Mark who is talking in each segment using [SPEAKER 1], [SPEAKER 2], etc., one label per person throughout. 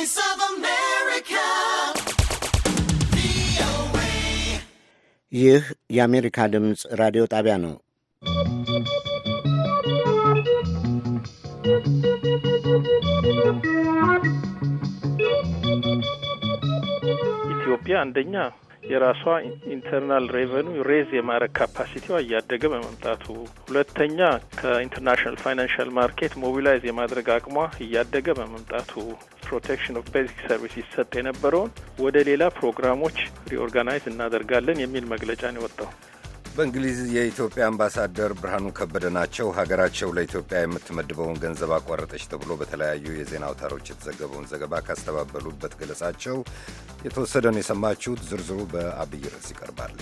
[SPEAKER 1] Voice of America.
[SPEAKER 2] ይህ የአሜሪካ ድምፅ ራዲዮ ጣቢያ ነው።
[SPEAKER 3] ኢትዮጵያ አንደኛ የራሷ ኢንተርናል ሬቨኑ ሬዝ የማድረግ ካፓሲቲዋ እያደገ በመምጣቱ፣ ሁለተኛ ከኢንተርናሽናል ፋይናንሻል ማርኬት ሞቢላይዝ የማድረግ አቅሟ እያደገ በመምጣቱ ፕሮቴክሽን ኦፍ ቤዚክ ሰርቪስ ይሰጥ የነበረውን ወደ ሌላ ፕሮግራሞች ሪኦርጋናይዝ እናደርጋለን የሚል መግለጫ ነው የወጣው።
[SPEAKER 4] በእንግሊዝ የኢትዮጵያ አምባሳደር ብርሃኑ ከበደ ናቸው። ሀገራቸው ለኢትዮጵያ የምትመድበውን ገንዘብ አቋረጠች ተብሎ በተለያዩ የዜና አውታሮች የተዘገበውን ዘገባ ካስተባበሉበት ገለጻቸው የተወሰደን የሰማችሁት። ዝርዝሩ በአብይ ርዕስ
[SPEAKER 5] ይቀርባል።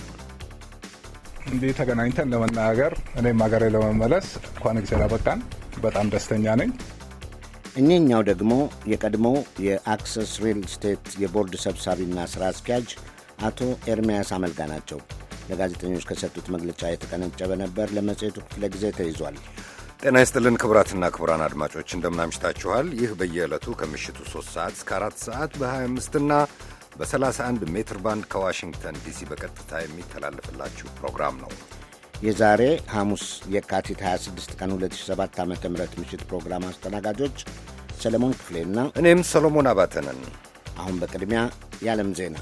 [SPEAKER 5] እንዲህ ተገናኝተን ለመናገር እኔም ሀገሬ ለመመለስ
[SPEAKER 2] እንኳን ጊዜ ላበቃን በጣም ደስተኛ ነኝ። እኚህኛው ደግሞ የቀድሞው የአክሰስ ሪል ስቴት የቦርድ ሰብሳቢና ስራ አስኪያጅ አቶ ኤርሚያስ አመልጋ ናቸው። ለጋዜጠኞች ከሰጡት መግለጫ የተቀነጨበ ነበር። ለመጽሔቱ ክፍለ ጊዜ ተይዟል።
[SPEAKER 4] ጤና ይስጥልን ክቡራትና ክቡራን አድማጮች እንደምናምሽታችኋል። ይህ በየዕለቱ ከምሽቱ 3 ሰዓት እስከ 4 ሰዓት በ25ና በ31 ሜትር ባንድ ከዋሽንግተን ዲሲ በቀጥታ የሚተላለፍላችሁ ፕሮግራም ነው።
[SPEAKER 2] የዛሬ ሐሙስ የካቲት 26 ቀን 2007 ዓ ም ምሽት ፕሮግራም አስተናጋጆች ሰለሞን ክፍሌና እኔም ሰሎሞን አባተነን። አሁን በቅድሚያ የዓለም ዜና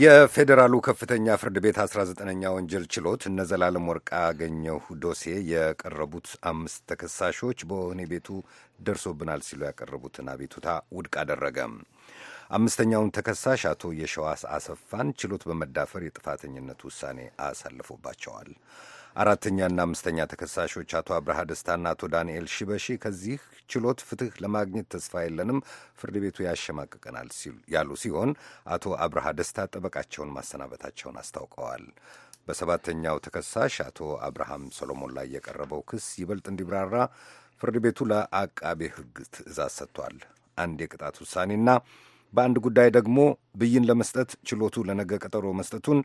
[SPEAKER 4] የፌዴራሉ ከፍተኛ ፍርድ ቤት 19ኛ ወንጀል ችሎት እነ ዘላለም ወርቅ አገኘሁ ዶሴ የቀረቡት አምስት ተከሳሾች በወህኒ ቤቱ ደርሶብናል ሲሉ ያቀረቡትን አቤቱታ ውድቅ አደረገ። አምስተኛውን ተከሳሽ አቶ የሸዋስ አሰፋን ችሎት በመዳፈር የጥፋተኝነት ውሳኔ አሳልፎባቸዋል። አራተኛና አምስተኛ ተከሳሾች አቶ አብርሃ ደስታና አቶ ዳንኤል ሺበሺ ከዚህ ችሎት ፍትህ ለማግኘት ተስፋ የለንም፣ ፍርድ ቤቱ ያሸማቅቀናል ያሉ ሲሆን አቶ አብርሃ ደስታ ጠበቃቸውን ማሰናበታቸውን አስታውቀዋል። በሰባተኛው ተከሳሽ አቶ አብርሃም ሰሎሞን ላይ የቀረበው ክስ ይበልጥ እንዲብራራ ፍርድ ቤቱ ለአቃቤ ሕግ ትዕዛዝ ሰጥቷል። አንድ የቅጣት ውሳኔና በአንድ ጉዳይ ደግሞ ብይን ለመስጠት ችሎቱ ለነገ ቀጠሮ መስጠቱን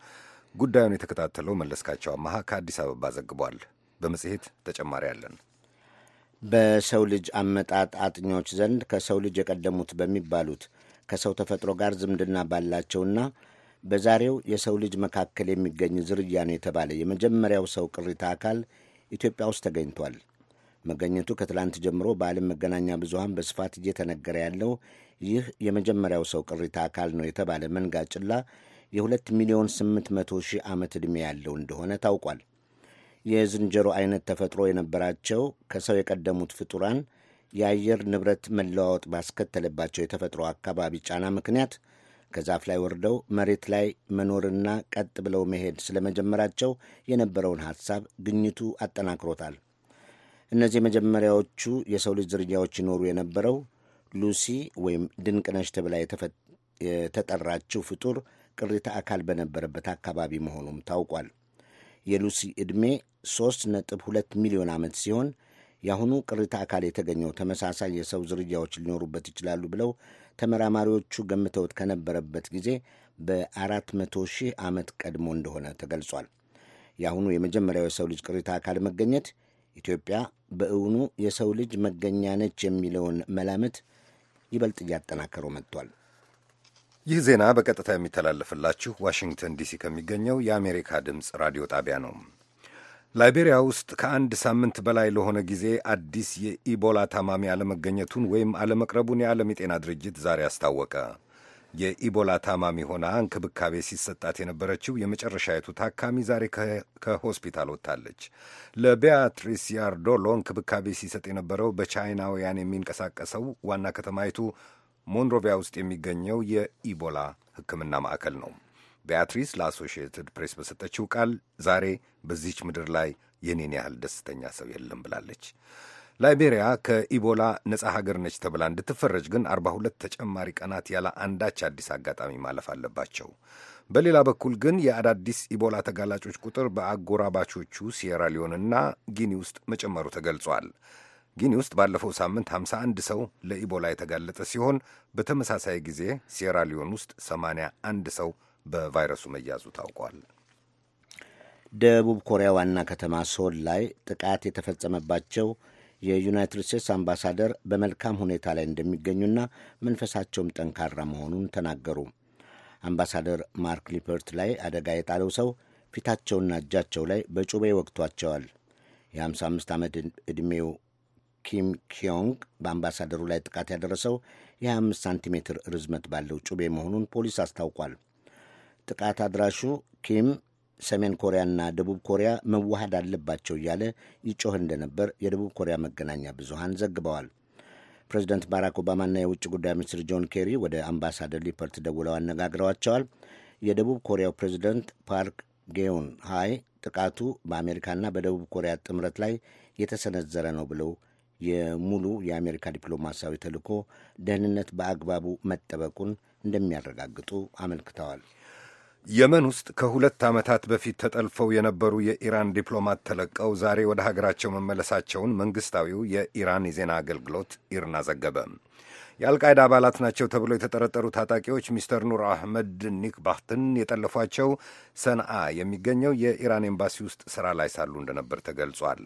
[SPEAKER 4] ጉዳዩን የተከታተለው መለስካቸው አመሃ ከአዲስ አበባ ዘግቧል። በመጽሔት ተጨማሪ
[SPEAKER 2] አለን። በሰው ልጅ አመጣጥ አጥኞች ዘንድ ከሰው ልጅ የቀደሙት በሚባሉት ከሰው ተፈጥሮ ጋር ዝምድና ባላቸውና በዛሬው የሰው ልጅ መካከል የሚገኝ ዝርያ ነው የተባለ የመጀመሪያው ሰው ቅሪተ አካል ኢትዮጵያ ውስጥ ተገኝቷል። መገኘቱ ከትላንት ጀምሮ በዓለም መገናኛ ብዙሃን በስፋት እየተነገረ ያለው ይህ የመጀመሪያው ሰው ቅሪተ አካል ነው የተባለ መንጋ ጭላ የ2 ሚሊዮን 800 ሺህ ዓመት ዕድሜ ያለው እንደሆነ ታውቋል። የዝንጀሮ ዐይነት ተፈጥሮ የነበራቸው ከሰው የቀደሙት ፍጡራን የአየር ንብረት መለዋወጥ ባስከተለባቸው የተፈጥሮ አካባቢ ጫና ምክንያት ከዛፍ ላይ ወርደው መሬት ላይ መኖርና ቀጥ ብለው መሄድ ስለመጀመራቸው የነበረውን ሐሳብ ግኝቱ አጠናክሮታል። እነዚህ መጀመሪያዎቹ የሰው ልጅ ዝርያዎች ይኖሩ የነበረው ሉሲ ወይም ድንቅነሽ ተብላ የተጠራችው ፍጡር ቅሪተ አካል በነበረበት አካባቢ መሆኑም ታውቋል። የሉሲ ዕድሜ 3.2 ሚሊዮን ዓመት ሲሆን የአሁኑ ቅሪተ አካል የተገኘው ተመሳሳይ የሰው ዝርያዎች ሊኖሩበት ይችላሉ ብለው ተመራማሪዎቹ ገምተውት ከነበረበት ጊዜ በ400 ሺህ ዓመት ቀድሞ እንደሆነ ተገልጿል። የአሁኑ የመጀመሪያው የሰው ልጅ ቅሪተ አካል መገኘት ኢትዮጵያ በእውኑ የሰው ልጅ መገኛ ነች የሚለውን መላምት ይበልጥ እያጠናከረው መጥቷል። ይህ ዜና
[SPEAKER 4] በቀጥታ የሚተላለፍላችሁ ዋሽንግተን ዲሲ ከሚገኘው የአሜሪካ ድምፅ ራዲዮ ጣቢያ ነው። ላይቤሪያ ውስጥ ከአንድ ሳምንት በላይ ለሆነ ጊዜ አዲስ የኢቦላ ታማሚ አለመገኘቱን ወይም አለመቅረቡን የዓለም የጤና ድርጅት ዛሬ አስታወቀ። የኢቦላ ታማሚ ሆና እንክብካቤ ሲሰጣት የነበረችው የመጨረሻይቱ ታካሚ ዛሬ ከሆስፒታል ወጥታለች። ለቤያትሪስ ያርዶሎ እንክብካቤ ሲሰጥ የነበረው በቻይናውያን የሚንቀሳቀሰው ዋና ከተማይቱ ሞንሮቪያ ውስጥ የሚገኘው የኢቦላ ሕክምና ማዕከል ነው። ቢያትሪስ ለአሶሺየትድ ፕሬስ በሰጠችው ቃል ዛሬ በዚች ምድር ላይ የኔን ያህል ደስተኛ ሰው የለም ብላለች። ላይቤሪያ ከኢቦላ ነጻ ሀገር ነች ተብላ እንድትፈረጅ ግን 42 ተጨማሪ ቀናት ያለ አንዳች አዲስ አጋጣሚ ማለፍ አለባቸው። በሌላ በኩል ግን የአዳዲስ ኢቦላ ተጋላጮች ቁጥር በአጎራባቾቹ ሲየራ ሊዮንና ጊኒ ውስጥ መጨመሩ ተገልጿል። ጊኒ ውስጥ ባለፈው ሳምንት 51 ሰው ለኢቦላ የተጋለጠ ሲሆን በተመሳሳይ ጊዜ ሴራሊዮን ውስጥ 81 ሰው በቫይረሱ መያዙ ታውቋል።
[SPEAKER 2] ደቡብ ኮሪያ ዋና ከተማ ሶል ላይ ጥቃት የተፈጸመባቸው የዩናይትድ ስቴትስ አምባሳደር በመልካም ሁኔታ ላይ እንደሚገኙና መንፈሳቸውም ጠንካራ መሆኑን ተናገሩ። አምባሳደር ማርክ ሊፐርት ላይ አደጋ የጣለው ሰው ፊታቸውና እጃቸው ላይ በጩቤ ወቅቷቸዋል። የ55 ዓመት ዕድሜው ኪም ኪዮንግ በአምባሳደሩ ላይ ጥቃት ያደረሰው የ25 ሳንቲሜትር ርዝመት ባለው ጩቤ መሆኑን ፖሊስ አስታውቋል። ጥቃት አድራሹ ኪም ሰሜን ኮሪያና ደቡብ ኮሪያ መዋሃድ አለባቸው እያለ ይጮህ እንደነበር የደቡብ ኮሪያ መገናኛ ብዙሃን ዘግበዋል። ፕሬዚደንት ባራክ ኦባማና የውጭ ጉዳይ ሚኒስትር ጆን ኬሪ ወደ አምባሳደር ሊፐርት ደውለው አነጋግረዋቸዋል። የደቡብ ኮሪያው ፕሬዚደንት ፓርክ ጌውን ሃይ ጥቃቱ በአሜሪካና በደቡብ ኮሪያ ጥምረት ላይ የተሰነዘረ ነው ብለው የሙሉ የአሜሪካ ዲፕሎማሲያዊ ተልእኮ ደህንነት በአግባቡ መጠበቁን እንደሚያረጋግጡ አመልክተዋል። የመን ውስጥ ከሁለት ዓመታት በፊት ተጠልፈው የነበሩ የኢራን
[SPEAKER 4] ዲፕሎማት ተለቀው ዛሬ ወደ ሀገራቸው መመለሳቸውን መንግሥታዊው የኢራን የዜና አገልግሎት ኢርና ዘገበ። የአልቃይዳ አባላት ናቸው ተብሎ የተጠረጠሩ ታጣቂዎች ሚስተር ኑር አህመድ ኒክባህትን የጠለፏቸው ሰንአ የሚገኘው የኢራን ኤምባሲ ውስጥ ስራ ላይ ሳሉ እንደነበር ተገልጿል።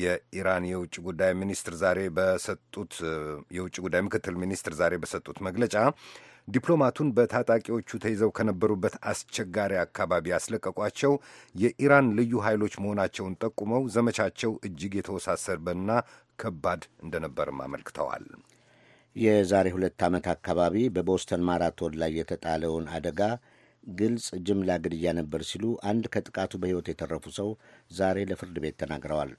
[SPEAKER 4] የኢራን የውጭ ጉዳይ ሚኒስትር ዛሬ በሰጡት የውጭ ጉዳይ ምክትል ሚኒስትር ዛሬ በሰጡት መግለጫ ዲፕሎማቱን በታጣቂዎቹ ተይዘው ከነበሩበት አስቸጋሪ አካባቢ ያስለቀቋቸው የኢራን ልዩ ኃይሎች መሆናቸውን ጠቁመው ዘመቻቸው እጅግ የተወሳሰበና ከባድ እንደነበርም
[SPEAKER 2] አመልክተዋል። የዛሬ ሁለት ዓመት አካባቢ በቦስተን ማራቶን ላይ የተጣለውን አደጋ ግልጽ ጅምላ ግድያ ነበር ሲሉ አንድ ከጥቃቱ በሕይወት የተረፉ ሰው ዛሬ ለፍርድ ቤት ተናግረዋል።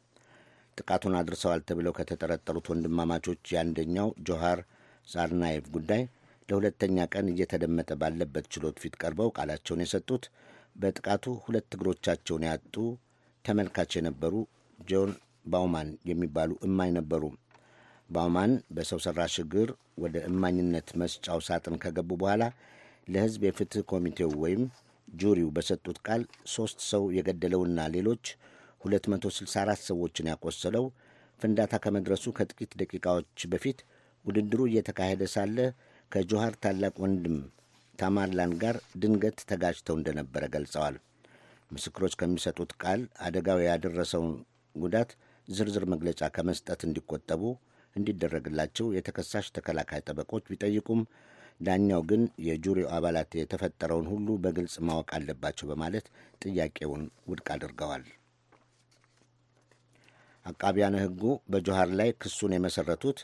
[SPEAKER 2] ጥቃቱን አድርሰዋል ተብለው ከተጠረጠሩት ወንድማማቾች የአንደኛው ጆሃር ዛርናየቭ ጉዳይ ለሁለተኛ ቀን እየተደመጠ ባለበት ችሎት ፊት ቀርበው ቃላቸውን የሰጡት በጥቃቱ ሁለት እግሮቻቸውን ያጡ ተመልካች የነበሩ ጆን ባውማን የሚባሉ እማኝ ነበሩም። ባውማን በሰው ሰራሽ እግር ወደ እማኝነት መስጫው ሳጥን ከገቡ በኋላ ለሕዝብ የፍትህ ኮሚቴው ወይም ጁሪው በሰጡት ቃል ሦስት ሰው የገደለውና ሌሎች 264 ሰዎችን ያቆሰለው ፍንዳታ ከመድረሱ ከጥቂት ደቂቃዎች በፊት ውድድሩ እየተካሄደ ሳለ ከጆሃር ታላቅ ወንድም ታማርላን ጋር ድንገት ተጋጭተው እንደነበረ ገልጸዋል። ምስክሮች ከሚሰጡት ቃል አደጋው ያደረሰውን ጉዳት ዝርዝር መግለጫ ከመስጠት እንዲቆጠቡ እንዲደረግላቸው የተከሳሽ ተከላካይ ጠበቆች ቢጠይቁም ዳኛው ግን የጁሪው አባላት የተፈጠረውን ሁሉ በግልጽ ማወቅ አለባቸው በማለት ጥያቄውን ውድቅ አድርገዋል። አቃቢያነ ሕጉ በጆሃር ላይ ክሱን የመሰረቱት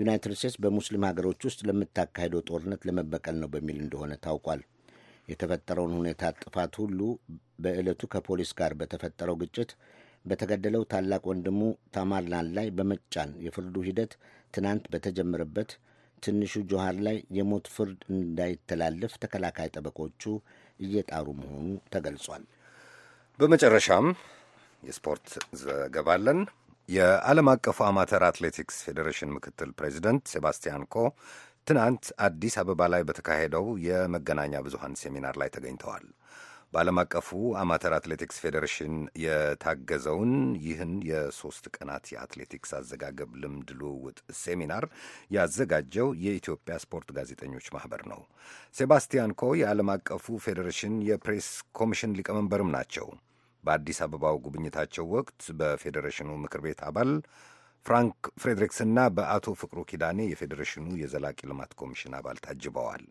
[SPEAKER 2] ዩናይትድ ስቴትስ በሙስሊም ሀገሮች ውስጥ ለምታካሄደው ጦርነት ለመበቀል ነው በሚል እንደሆነ ታውቋል። የተፈጠረውን ሁኔታ ጥፋት ሁሉ በዕለቱ ከፖሊስ ጋር በተፈጠረው ግጭት በተገደለው ታላቅ ወንድሙ ታማርላን ላይ በመጫን የፍርዱ ሂደት ትናንት በተጀመረበት ትንሹ ጆሃር ላይ የሞት ፍርድ እንዳይተላለፍ ተከላካይ ጠበቆቹ እየጣሩ መሆኑ ተገልጿል።
[SPEAKER 4] በመጨረሻም የስፖርት ዘገባ አለን። የዓለም አቀፉ አማተር አትሌቲክስ ፌዴሬሽን ምክትል ፕሬዚደንት ሴባስቲያን ኮ ትናንት አዲስ አበባ ላይ በተካሄደው የመገናኛ ብዙሃን ሴሚናር ላይ ተገኝተዋል። በዓለም አቀፉ አማተር አትሌቲክስ ፌዴሬሽን የታገዘውን ይህን የሶስት ቀናት የአትሌቲክስ አዘጋገብ ልምድ ልውውጥ ሴሚናር ያዘጋጀው የኢትዮጵያ ስፖርት ጋዜጠኞች ማህበር ነው። ሴባስቲያን ኮ የዓለም አቀፉ ፌዴሬሽን የፕሬስ ኮሚሽን ሊቀመንበርም ናቸው። በአዲስ አበባው ጉብኝታቸው ወቅት በፌዴሬሽኑ ምክር ቤት አባል ፍራንክ ፍሬድሪክስና በአቶ ፍቅሩ ኪዳኔ የፌዴሬሽኑ የዘላቂ ልማት ኮሚሽን አባል ታጅበዋል።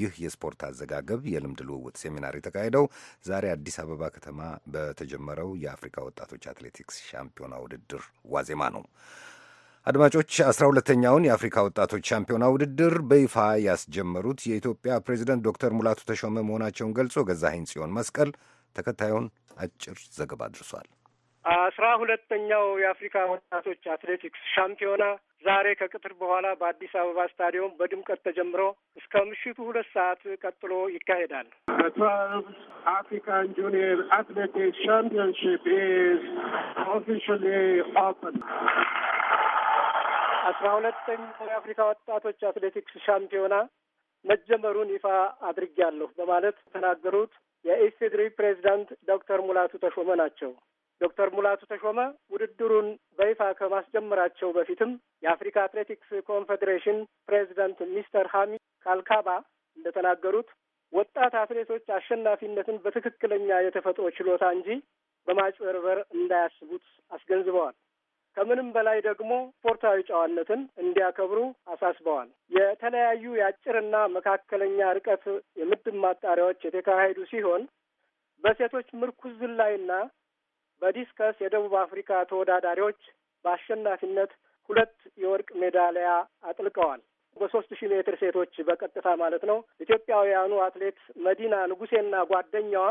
[SPEAKER 4] ይህ የስፖርት አዘጋገብ የልምድ ልውውጥ ሴሚናር የተካሄደው ዛሬ አዲስ አበባ ከተማ በተጀመረው የአፍሪካ ወጣቶች አትሌቲክስ ሻምፒዮና ውድድር ዋዜማ ነው። አድማጮች አስራ ሁለተኛውን የአፍሪካ ወጣቶች ሻምፒዮና ውድድር በይፋ ያስጀመሩት የኢትዮጵያ ፕሬዚደንት ዶክተር ሙላቱ ተሾመ መሆናቸውን ገልጾ ገዛኸኝ ጽዮን መስቀል ተከታዩን አጭር ዘገባ አድርሷል።
[SPEAKER 6] አስራ ሁለተኛው የአፍሪካ ወጣቶች አትሌቲክስ ሻምፒዮና ዛሬ ከቅጥር በኋላ በአዲስ አበባ ስታዲየም በድምቀት ተጀምሮ እስከ ምሽቱ ሁለት ሰዓት ቀጥሎ ይካሄዳል። አፍሪካን ጁኒየር አትሌቲክስ ሻምፒዮንሺፕ ኢዝ
[SPEAKER 7] ኦፊሻሊ ኦፕን።
[SPEAKER 6] አስራ ሁለተኛው የአፍሪካ ወጣቶች አትሌቲክስ ሻምፒዮና መጀመሩን ይፋ አድርጌያለሁ በማለት ተናገሩት የኢፌዴሪ ፕሬዚዳንት ዶክተር ሙላቱ ተሾመ ናቸው። ዶክተር ሙላቱ ተሾመ ውድድሩን በይፋ ከማስጀመራቸው በፊትም የአፍሪካ አትሌቲክስ ኮንፌዴሬሽን ፕሬዚደንት ሚስተር ሃሚ ካልካባ እንደተናገሩት ወጣት አትሌቶች አሸናፊነትን በትክክለኛ የተፈጥሮ ችሎታ እንጂ በማጭበርበር እንዳያስቡት አስገንዝበዋል። ከምንም በላይ ደግሞ ስፖርታዊ ጨዋነትን እንዲያከብሩ አሳስበዋል። የተለያዩ የአጭርና መካከለኛ ርቀት የምድብ ማጣሪያዎች የተካሄዱ ሲሆን በሴቶች ምርኩዝ ዝላይና በዲስከስ የደቡብ አፍሪካ ተወዳዳሪዎች በአሸናፊነት ሁለት የወርቅ ሜዳሊያ አጥልቀዋል። በሶስት ሺህ ሜትር ሴቶች በቀጥታ ማለት ነው። ኢትዮጵያውያኑ አትሌት መዲና ንጉሴና ጓደኛዋ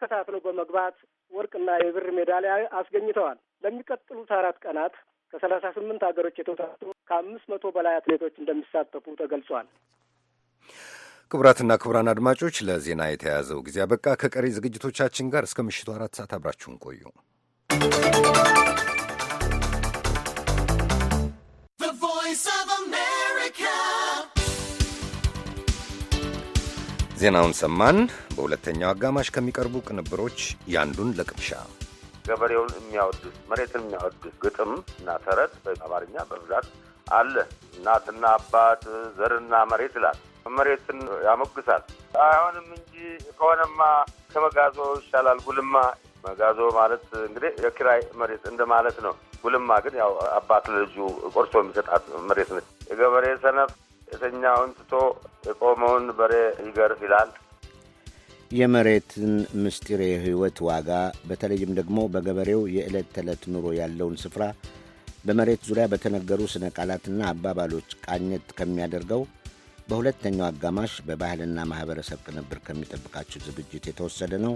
[SPEAKER 6] ተከታትለው በመግባት ወርቅና የብር ሜዳሊያ አስገኝተዋል። ለሚቀጥሉት አራት ቀናት ከሰላሳ ስምንት ሀገሮች የተውጣጡ ከአምስት መቶ በላይ አትሌቶች እንደሚሳተፉ ተገልጿል።
[SPEAKER 4] ክቡራትና ክቡራን አድማጮች ለዜና የተያያዘው ጊዜ አበቃ። ከቀሪ ዝግጅቶቻችን ጋር እስከ ምሽቱ አራት ሰዓት አብራችሁን ቆዩ። ዜናውን ሰማን። በሁለተኛው አጋማሽ ከሚቀርቡ ቅንብሮች ያንዱን ለቅምሻ
[SPEAKER 8] ገበሬውን የሚያወድስ መሬትን የሚያወድስ ግጥም እና ተረት በአማርኛ በብዛት አለ። እናትና አባት ዘርና መሬት ይላል። መሬትን ያሞግሳል። አይሆንም እንጂ ከሆነማ ከመጋዞ ይሻላል ጉልማ መጋዞ ማለት እንግዲህ የኪራይ መሬት እንደማለት ነው። ጉልማ ግን ያው አባት ለልጁ ቆርሶ የሚሰጣት መሬት ነች። የገበሬ ሰነፍ የተኛውን ትቶ የቆመውን በሬ ይገርፍ ይላል።
[SPEAKER 2] የመሬትን ምስጢር የህይወት ዋጋ በተለይም ደግሞ በገበሬው የዕለት ተዕለት ኑሮ ያለውን ስፍራ በመሬት ዙሪያ በተነገሩ ስነ ቃላትና አባባሎች ቃኘት ከሚያደርገው በሁለተኛው አጋማሽ በባህልና ማኅበረሰብ ቅንብር ከሚጠብቃችሁ ዝግጅት የተወሰደ ነው።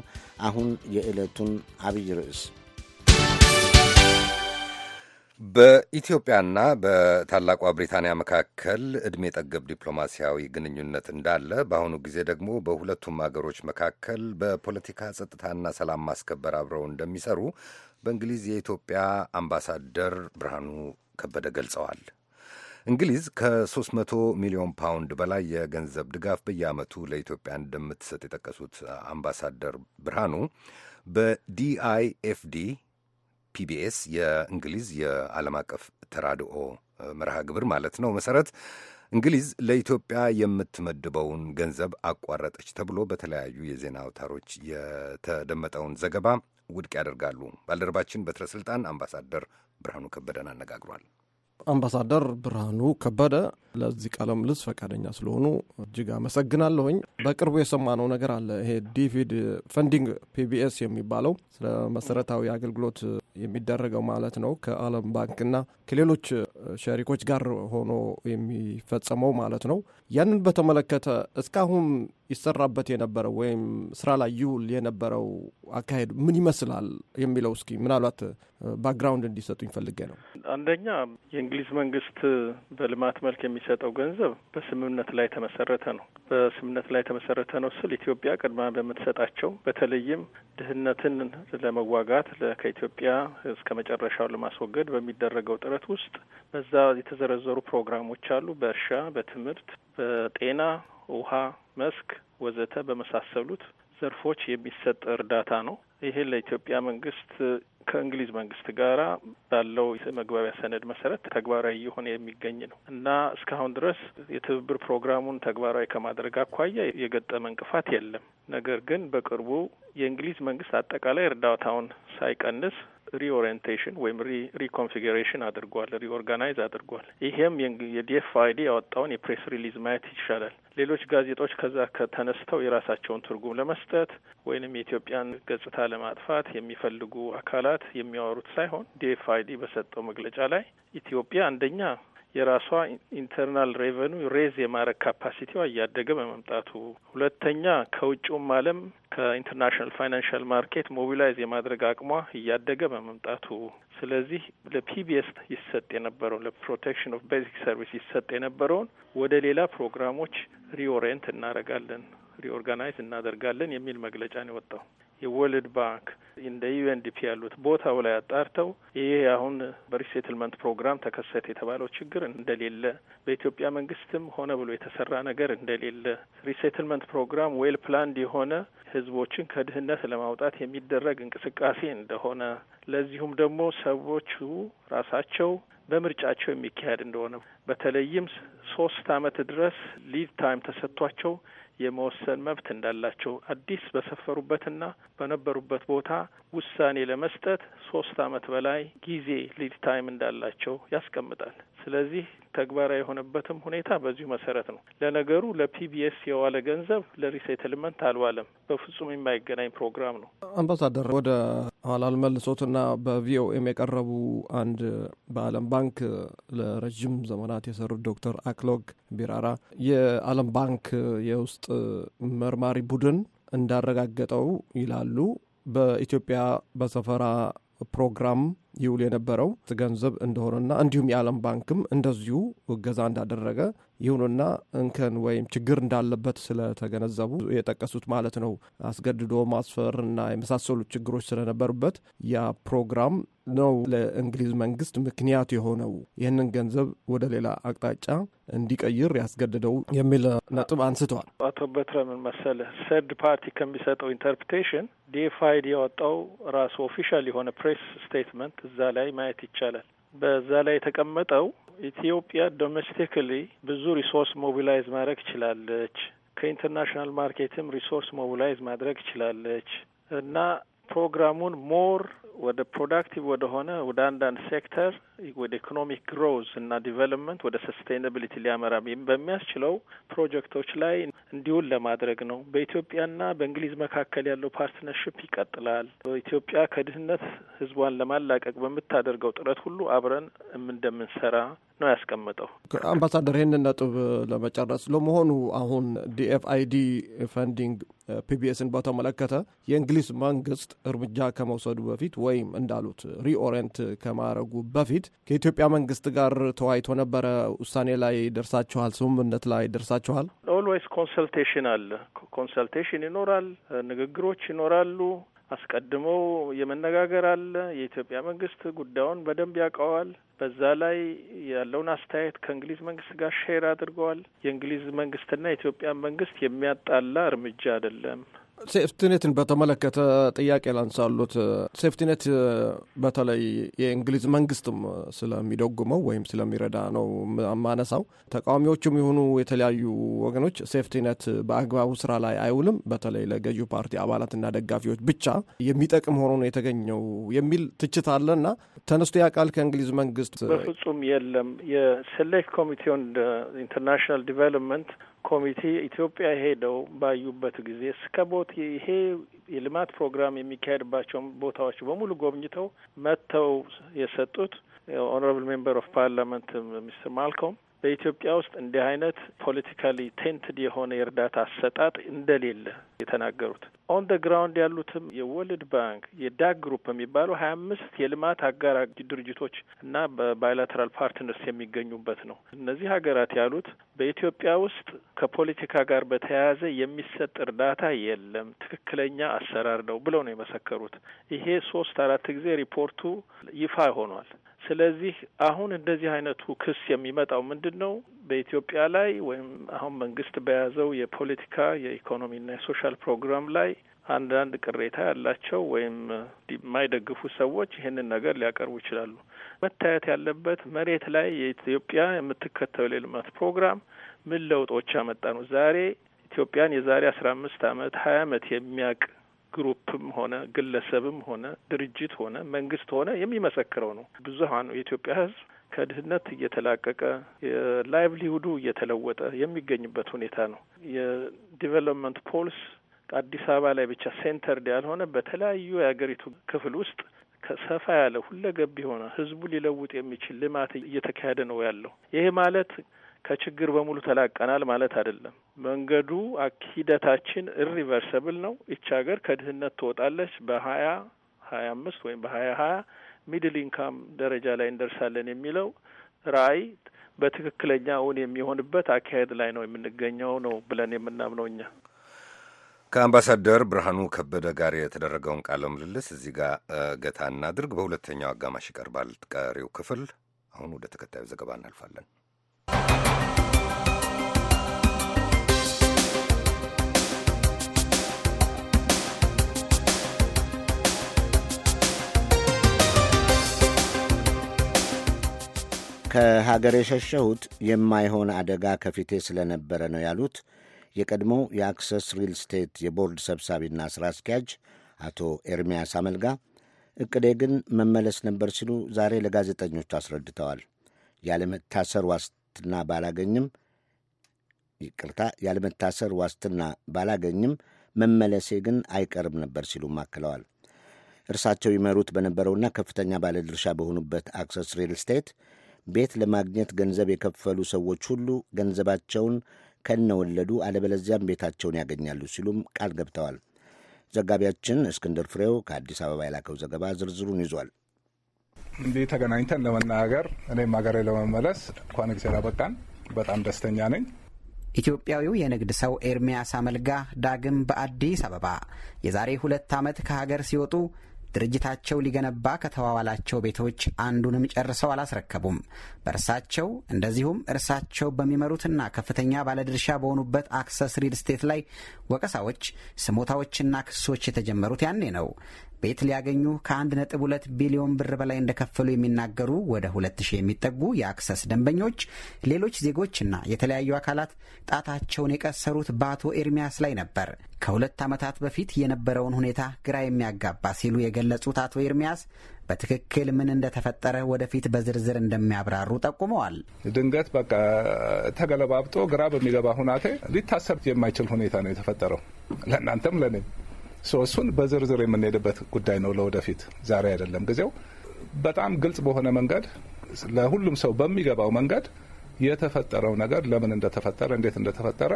[SPEAKER 2] አሁን የዕለቱን አብይ ርዕስ በኢትዮጵያና በታላቋ ብሪታንያ
[SPEAKER 4] መካከል ዕድሜ ጠገብ ዲፕሎማሲያዊ ግንኙነት እንዳለ በአሁኑ ጊዜ ደግሞ በሁለቱም አገሮች መካከል በፖለቲካ ጸጥታና ሰላም ማስከበር አብረው እንደሚሰሩ በእንግሊዝ የኢትዮጵያ አምባሳደር ብርሃኑ ከበደ ገልጸዋል። እንግሊዝ ከ300 ሚሊዮን ፓውንድ በላይ የገንዘብ ድጋፍ በየዓመቱ ለኢትዮጵያ እንደምትሰጥ የጠቀሱት አምባሳደር ብርሃኑ በዲአይኤፍዲ ፒቢኤስ የእንግሊዝ የዓለም አቀፍ ተራድኦ መርሃ ግብር ማለት ነው መሰረት እንግሊዝ ለኢትዮጵያ የምትመድበውን ገንዘብ አቋረጠች ተብሎ በተለያዩ የዜና አውታሮች የተደመጠውን ዘገባ ውድቅ ያደርጋሉ። ባልደረባችን በትረ ስልጣን አምባሳደር ብርሃኑ ከበደን አነጋግሯል።
[SPEAKER 9] አምባሳደር ብርሃኑ ከበደ ለዚህ ቃለ ምልልስ ፈቃደኛ ስለሆኑ እጅግ አመሰግናለሁኝ። በቅርቡ የሰማነው ነገር አለ። ይሄ ዲቪድ ፈንዲንግ ፒቢኤስ የሚባለው ስለ መሰረታዊ አገልግሎት የሚደረገው ማለት ነው ከዓለም ባንክና ከሌሎች ሸሪኮች ጋር ሆኖ የሚፈጸመው ማለት ነው። ያንን በተመለከተ እስካሁን ይሰራበት የነበረው ወይም ስራ ላይ ይውል የነበረው አካሄድ ምን ይመስላል የሚለው እስኪ ምናልባት ባክግራውንድ እንዲሰጡኝ ፈልጌ ነው።
[SPEAKER 3] አንደኛ የእንግሊዝ መንግስት በልማት መልክ የሚሰጠው ገንዘብ በስምምነት ላይ የተመሰረተ ነው። በስምምነት ላይ የተመሰረተ ነው ስል ኢትዮጵያ ቅድማ በምትሰጣቸው በተለይም ድህነትን ለመዋጋት ከኢትዮጵያ እስከ መጨረሻው ለማስወገድ በሚደረገው ጥረት ውስጥ በዛ የተዘረዘሩ ፕሮግራሞች አሉ። በእርሻ፣ በትምህርት፣ በጤና ውሃ፣ መስክ ወዘተ በመሳሰሉት ዘርፎች የሚሰጥ እርዳታ ነው። ይሄ ለኢትዮጵያ መንግስት ከእንግሊዝ መንግስት ጋር ባለው መግባቢያ ሰነድ መሰረት ተግባራዊ እየሆነ የሚገኝ ነው እና እስካሁን ድረስ የትብብር ፕሮግራሙን ተግባራዊ ከማድረግ አኳያ የገጠመ እንቅፋት የለም። ነገር ግን በቅርቡ የእንግሊዝ መንግስት አጠቃላይ እርዳታውን ሳይቀንስ ሪኦሪንቴሽን ወይም ሪኮንፊግሬሽን አድርጓል፣ ሪኦርጋናይዝ አድርጓል። ይሄም የዲኤፍ አይዲ ያወጣውን የፕሬስ ሪሊዝ ማየት ይቻላል። ሌሎች ጋዜጦች ከዛ ከተነስተው የራሳቸውን ትርጉም ለመስጠት ወይንም የኢትዮጵያን ገጽታ ለማጥፋት የሚፈልጉ አካላት የሚያወሩት ሳይሆን ዲኤፍ አይዲ በሰጠው መግለጫ ላይ ኢትዮጵያ አንደኛ የራሷ ኢንተርናል ሬቨኑ ሬዝ የማድረግ ካፓሲቲዋ እያደገ በመምጣቱ፣ ሁለተኛ ከውጭውም ዓለም ከኢንተርናሽናል ፋይናንሻል ማርኬት ሞቢላይዝ የማድረግ አቅሟ እያደገ በመምጣቱ፣ ስለዚህ ለፒቢኤስ ይሰጥ የነበረውን ለፕሮቴክሽን ኦፍ ቤዚክ ሰርቪስ ይሰጥ የነበረውን ወደ ሌላ ፕሮግራሞች ሪኦሪየንት እናደርጋለን። ሪኦርጋናይዝ እናደርጋለን የሚል መግለጫ ነው የወጣው። የወርልድ ባንክ እንደ ዩኤንዲፒ ያሉት ቦታው ላይ አጣርተው ይሄ አሁን በሪሴትልመንት ፕሮግራም ተከሰተ የተባለው ችግር እንደሌለ በኢትዮጵያ መንግስትም ሆነ ብሎ የተሰራ ነገር እንደሌለ ሪሴትልመንት ፕሮግራም ዌል ፕላንድ የሆነ ህዝቦችን ከድህነት ለማውጣት የሚደረግ እንቅስቃሴ እንደሆነ ለዚሁም ደግሞ ሰዎቹ ራሳቸው በምርጫቸው የሚካሄድ እንደሆነ በተለይም ሶስት አመት ድረስ ሊድ ታይም ተሰጥቷቸው የመወሰን መብት እንዳላቸው አዲስ በሰፈሩበትና በነበሩበት ቦታ ውሳኔ ለመስጠት ሶስት አመት በላይ ጊዜ ሊድ ታይም እንዳላቸው ያስቀምጣል። ስለዚህ ተግባራዊ የሆነበትም ሁኔታ በዚሁ መሰረት ነው። ለነገሩ ለፒቢኤስ የዋለ ገንዘብ ለሪሴትልመንት አልዋለም። በፍጹም የማይገናኝ ፕሮግራም ነው።
[SPEAKER 9] አምባሳደር ወደ ኋላ ልመልሶትና በቪኦኤም የቀረቡ አንድ በዓለም ባንክ ለረዥም ዘመናት የሰሩት ዶክተር አክሎግ ቢራራ የዓለም ባንክ የውስጥ መርማሪ ቡድን እንዳረጋገጠው ይላሉ በኢትዮጵያ በሰፈራ ፕሮግራም ይውል የነበረው ገንዘብ እንደሆነና እንዲሁም የዓለም ባንክም እንደዚሁ እገዛ እንዳደረገ ይሁንና እንከን ወይም ችግር እንዳለበት ስለተገነዘቡ የጠቀሱት ማለት ነው። አስገድዶ ማስፈርና የመሳሰሉት ችግሮች ስለነበሩበት ያ ፕሮግራም ነው ለእንግሊዝ መንግስት ምክንያት የሆነው ይህንን ገንዘብ ወደ ሌላ አቅጣጫ እንዲቀይር ያስገድደው የሚል ነጥብ አንስተዋል።
[SPEAKER 3] አቶ በትረ ምን መሰለ ሰርድ ፓርቲ ከሚሰጠው ኢንተርፕሬቴሽን ዲፋይድ ያወጣው ራሱ ኦፊሻል የሆነ ፕሬስ ስቴትመንት እዛ ላይ ማየት ይቻላል። በዛ ላይ የተቀመጠው ኢትዮጵያ ዶሜስቲክሊ ብዙ ሪሶርስ ሞቢላይዝ ማድረግ ችላለች፣ ከኢንተርናሽናል ማርኬትም ሪሶርስ ሞቢላይዝ ማድረግ ችላለች እና ፕሮግራሙን ሞር ወደ ፕሮዳክቲቭ ወደሆነ ወደ አንዳንድ ሴክተር ወደ ኢኮኖሚክ ግሮዝ እና ዲቨሎፕመንት ወደ ሰስቴናብሊቲ ሊያመራ በሚያስችለው ፕሮጀክቶች ላይ እንዲውል ለማድረግ ነው። በኢትዮጵያና በእንግሊዝ መካከል ያለው ፓርትነርሽፕ ይቀጥላል። ኢትዮጵያ ከድህነት ህዝቧን ለማላቀቅ በምታደርገው ጥረት ሁሉ አብረን እንደምንሰራ ነው ያስቀምጠው።
[SPEAKER 9] አምባሳደር ይህንን ነጥብ ለመጨረስ ለመሆኑ አሁን ዲኤፍአይዲ ፈንዲንግ ፒቢኤስን በተመለከተ የእንግሊዝ መንግስት እርምጃ ከመውሰዱ በፊት ወይም እንዳሉት ሪኦሬንት ከማድረጉ በፊት በፊት ከኢትዮጵያ መንግስት ጋር ተወያይቶ ነበረ። ውሳኔ ላይ ደርሳችኋል? ስምምነት ላይ ደርሳችኋል?
[SPEAKER 3] ኦልዌይስ ኮንሰልቴሽን አለ። ኮንሰልቴሽን ይኖራል፣ ንግግሮች ይኖራሉ። አስቀድመው የመነጋገር አለ። የኢትዮጵያ መንግስት ጉዳዩን በደንብ ያውቀዋል። በዛ ላይ ያለውን አስተያየት ከእንግሊዝ መንግስት ጋር ሼር አድርገዋል። የእንግሊዝ መንግስትና የኢትዮጵያ መንግስት የሚያጣላ እርምጃ አይደለም።
[SPEAKER 9] ሴፍቲኔትን በተመለከተ ጥያቄ ላንሳሉት። ሴፍቲኔት በተለይ የእንግሊዝ መንግስትም ስለሚደጉመው ወይም ስለሚረዳ ነው ማነሳው። ተቃዋሚዎችም የሆኑ የተለያዩ ወገኖች ሴፍቲኔት በአግባቡ ስራ ላይ አይውልም፣ በተለይ ለገዢው ፓርቲ አባላትና ደጋፊዎች ብቻ የሚጠቅም ሆኖ ነው የተገኘው የሚል ትችት አለ እና ተነስቶ ያውቃል ከእንግሊዝ መንግስት? በፍጹም
[SPEAKER 3] የለም። የሴሌክት ኮሚቴውን ኢንተርናሽናል ዲቨሎፕመንት ኮሚቴ ኢትዮጵያ ሄደው ባዩበት ጊዜ እስከ ቦት ይሄ የልማት ፕሮግራም የሚካሄድባቸውን ቦታዎች በሙሉ ጎብኝተው መጥተው የሰጡት ኦኖራብል ሜምበር ኦፍ ፓርላመንት ሚስትር ማልኮም በኢትዮጵያ ውስጥ እንዲህ አይነት ፖለቲካሊ ቴንትድ የሆነ የእርዳታ አሰጣጥ እንደሌለ የተናገሩት ኦን ደ ግራውንድ ያሉትም የወልድ ባንክ የዳግ ግሩፕ የሚባሉ ሀያ አምስት የልማት አጋር ድርጅቶች እና በባይላተራል ፓርትነርስ የሚገኙበት ነው። እነዚህ ሀገራት ያሉት በኢትዮጵያ ውስጥ ከፖለቲካ ጋር በተያያዘ የሚሰጥ እርዳታ የለም፣ ትክክለኛ አሰራር ነው ብለው ነው የመሰከሩት። ይሄ ሶስት አራት ጊዜ ሪፖርቱ ይፋ ሆኗል። ስለዚህ አሁን እንደዚህ አይነቱ ክስ የሚመጣው ምንድን ነው? በኢትዮጵያ ላይ ወይም አሁን መንግስት በያዘው የፖለቲካ የኢኮኖሚና የሶሻል ፕሮግራም ላይ አንዳንድ ቅሬታ ያላቸው ወይም የማይደግፉ ሰዎች ይህንን ነገር ሊያቀርቡ ይችላሉ። መታየት ያለበት መሬት ላይ የኢትዮጵያ የምትከተለው የልማት ፕሮግራም ምን ለውጦች አመጣ ነው። ዛሬ ኢትዮጵያን የዛሬ አስራ አምስት አመት ሀያ አመት የሚያውቅ ግሩፕም ሆነ ግለሰብም ሆነ ድርጅት ሆነ መንግስት ሆነ የሚመሰክረው ነው። ብዙሀኑ የኢትዮጵያ ህዝብ ከድህነት እየተላቀቀ የላይቭሊሁዱ እየተለወጠ የሚገኝበት ሁኔታ ነው። የዲቨሎፕመንት ፖልስ አዲስ አበባ ላይ ብቻ ሴንተርድ ያልሆነ በተለያዩ የሀገሪቱ ክፍል ውስጥ ከሰፋ ያለ ሁለገብ የሆነ ህዝቡ ሊለውጥ የሚችል ልማት እየተካሄደ ነው ያለው። ይሄ ማለት ከችግር በሙሉ ተላቀናል ማለት አይደለም። መንገዱ ሂደታችን ኢሪቨርሰብል ነው። ይች ሀገር ከድህነት ትወጣለች በሀያ ሀያ አምስት ወይም በሀያ ሀያ ሚድል ኢንካም ደረጃ ላይ እንደርሳለን የሚለው ራዕይ በትክክለኛ እውን የሚሆንበት አካሄድ ላይ ነው የምንገኘው ነው ብለን የምናምነው እኛ።
[SPEAKER 4] ከአምባሳደር ብርሃኑ ከበደ ጋር የተደረገውን ቃለ ምልልስ እዚህ ጋር ገታ እናድርግ። በሁለተኛው አጋማሽ ይቀርባል ቀሪው ክፍል። አሁን ወደ ተከታዩ ዘገባ እናልፋለን።
[SPEAKER 2] ከሀገር የሸሸሁት የማይሆን አደጋ ከፊቴ ስለነበረ ነው ያሉት የቀድሞው የአክሰስ ሪል ስቴት የቦርድ ሰብሳቢና ሥራ አስኪያጅ አቶ ኤርሚያስ አመልጋ እቅዴ ግን መመለስ ነበር ሲሉ ዛሬ ለጋዜጠኞች አስረድተዋል። ያለመታሰር ዋስትና ባላገኝም ይቅርታ ያለመታሰር ዋስትና ባላገኝም መመለሴ ግን አይቀርም ነበር ሲሉም አክለዋል። እርሳቸው ይመሩት በነበረውና ከፍተኛ ባለድርሻ በሆኑበት አክሰስ ሪል ስቴት ቤት ለማግኘት ገንዘብ የከፈሉ ሰዎች ሁሉ ገንዘባቸውን ከነወለዱ አለበለዚያም ቤታቸውን ያገኛሉ ሲሉም ቃል ገብተዋል። ዘጋቢያችን እስክንድር ፍሬው ከአዲስ አበባ የላከው ዘገባ ዝርዝሩን ይዟል።
[SPEAKER 5] እንዲህ ተገናኝተን ለመናገር እኔም ሀገሬ ለመመለስ እንኳን እግዚአብሔር አበቃን። በጣም ደስተኛ ነኝ። ኢትዮጵያዊው የንግድ ሰው ኤርሚያስ አመልጋ ዳግም በአዲስ
[SPEAKER 10] አበባ የዛሬ ሁለት ዓመት ከሀገር ሲወጡ ድርጅታቸው ሊገነባ ከተዋዋላቸው ቤቶች አንዱንም ጨርሰው አላስረከቡም። በእርሳቸው እንደዚሁም እርሳቸው በሚመሩትና ከፍተኛ ባለድርሻ በሆኑበት አክሰስ ሪል ስቴት ላይ ወቀሳዎች፣ ስሞታዎችና ክሶች የተጀመሩት ያኔ ነው። ቤት ሊያገኙ ከ1.2 ቢሊዮን ብር በላይ እንደከፈሉ የሚናገሩ ወደ 2000 የሚጠጉ የአክሰስ ደንበኞች፣ ሌሎች ዜጎችና የተለያዩ አካላት ጣታቸውን የቀሰሩት በአቶ ኤርሚያስ ላይ ነበር። ከሁለት ዓመታት በፊት የነበረውን ሁኔታ ግራ የሚያጋባ ሲሉ የገለጹት አቶ ኤርሚያስ በትክክል ምን እንደተፈጠረ ወደፊት በዝርዝር እንደሚያብራሩ ጠቁመዋል።
[SPEAKER 5] ድንገት በቃ ተገለባብጦ ግራ በሚገባ ሁናቴ ሊታሰብ የማይችል ሁኔታ ነው የተፈጠረው ለእናንተም ለእኔም እሱን በዝርዝር የምንሄድበት ጉዳይ ነው። ለወደፊት ዛሬ አይደለም ጊዜው። በጣም ግልጽ በሆነ መንገድ ለሁሉም ሰው በሚገባው መንገድ የተፈጠረው ነገር ለምን እንደተፈጠረ፣ እንዴት እንደተፈጠረ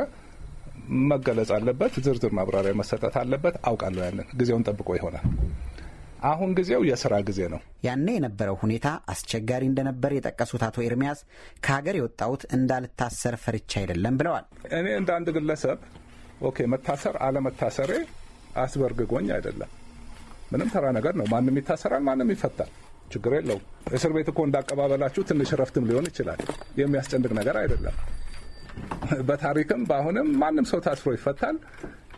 [SPEAKER 5] መገለጽ አለበት። ዝርዝር ማብራሪያ መሰጠት አለበት። አውቃለሁ ያንን ጊዜውን ጠብቆ ይሆናል። አሁን ጊዜው የስራ ጊዜ ነው።
[SPEAKER 10] ያኔ የነበረው ሁኔታ አስቸጋሪ እንደነበር የጠቀሱት አቶ ኤርሚያስ ከሀገር የወጣሁት
[SPEAKER 5] እንዳልታሰር ፈርቻ አይደለም ብለዋል። እኔ እንደ አንድ ግለሰብ ኦኬ መታሰር አለመታሰሬ አስበርግጎኝ አይደለም። ምንም ተራ ነገር ነው። ማንም ይታሰራል፣ ማንም ይፈታል። ችግር የለውም። እስር ቤት እኮ እንዳቀባበላችሁ ትንሽ እረፍትም ሊሆን ይችላል። የሚያስጨንቅ ነገር አይደለም። በታሪክም በአሁንም ማንም ሰው ታስሮ ይፈታል።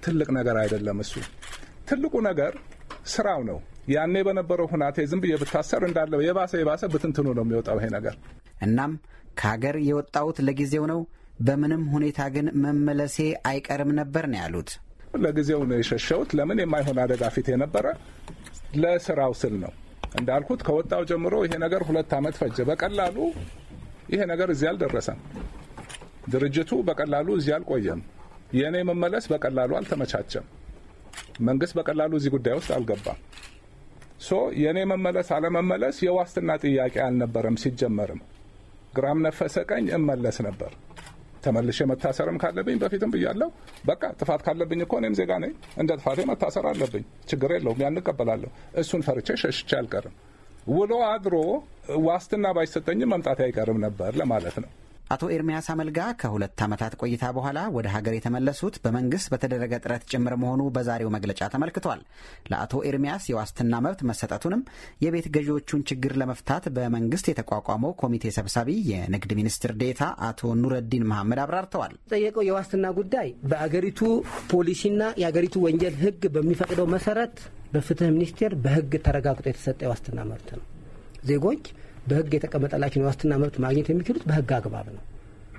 [SPEAKER 5] ትልቅ ነገር አይደለም እሱ። ትልቁ ነገር ስራው ነው። ያኔ በነበረው ሁናቴ ዝም ብዬ ብታሰር እንዳለ የባሰ የባሰ ብትንትኑ ነው የሚወጣው ይሄ ነገር። እናም ከሀገር የወጣሁት ለጊዜው ነው፣ በምንም ሁኔታ ግን መመለሴ አይቀርም ነበር ነው ያሉት። ለጊዜው ነው የሸሸሁት። ለምን የማይሆን አደጋ ፊት የነበረ ለስራው ስል ነው። እንዳልኩት ከወጣው ጀምሮ ይሄ ነገር ሁለት ዓመት ፈጀ። በቀላሉ ይሄ ነገር እዚያ አልደረሰም። ድርጅቱ በቀላሉ እዚያ አልቆየም። የእኔ መመለስ በቀላሉ አልተመቻቸም። መንግስት በቀላሉ እዚህ ጉዳይ ውስጥ አልገባም። ሶ የእኔ መመለስ አለመመለስ የዋስትና ጥያቄ አልነበረም። ሲጀመርም ግራም ነፈሰ ቀኝ እመለስ ነበር። ተመልሼ መታሰርም ካለብኝ በፊትም ብያለሁ። በቃ ጥፋት ካለብኝ እኮ እኔም ዜጋ ነኝ፣ እንደ ጥፋቴ መታሰር አለብኝ። ችግር የለውም፣ ያን እቀበላለሁ። እሱን ፈርቼ ሸሽቼ አልቀርም። ውሎ አድሮ ዋስትና ባይሰጠኝም መምጣቴ አይቀርም ነበር ለማለት ነው። አቶ ኤርሚያስ
[SPEAKER 10] አመልጋ ከሁለት ዓመታት ቆይታ በኋላ ወደ ሀገር የተመለሱት በመንግስት በተደረገ ጥረት ጭምር መሆኑ በዛሬው መግለጫ ተመልክቷል። ለአቶ ኤርሚያስ የዋስትና መብት መሰጠቱንም የቤት ገዢዎቹን ችግር ለመፍታት በመንግስት የተቋቋመው ኮሚቴ ሰብሳቢ የንግድ ሚኒስትር ዴታ አቶ ኑረዲን መሐመድ አብራርተዋል። ጠየቀው የዋስትና ጉዳይ በአገሪቱ ፖሊሲና የአገሪቱ ወንጀል ህግ በሚፈቅደው መሰረት በፍትህ ሚኒስቴር በህግ ተረጋግጦ የተሰጠ የዋስትና መብት ነው። ዜጎች በህግ የተቀመጠላቸውን የዋስትና መብት ማግኘት የሚችሉት በህግ አግባብ ነው።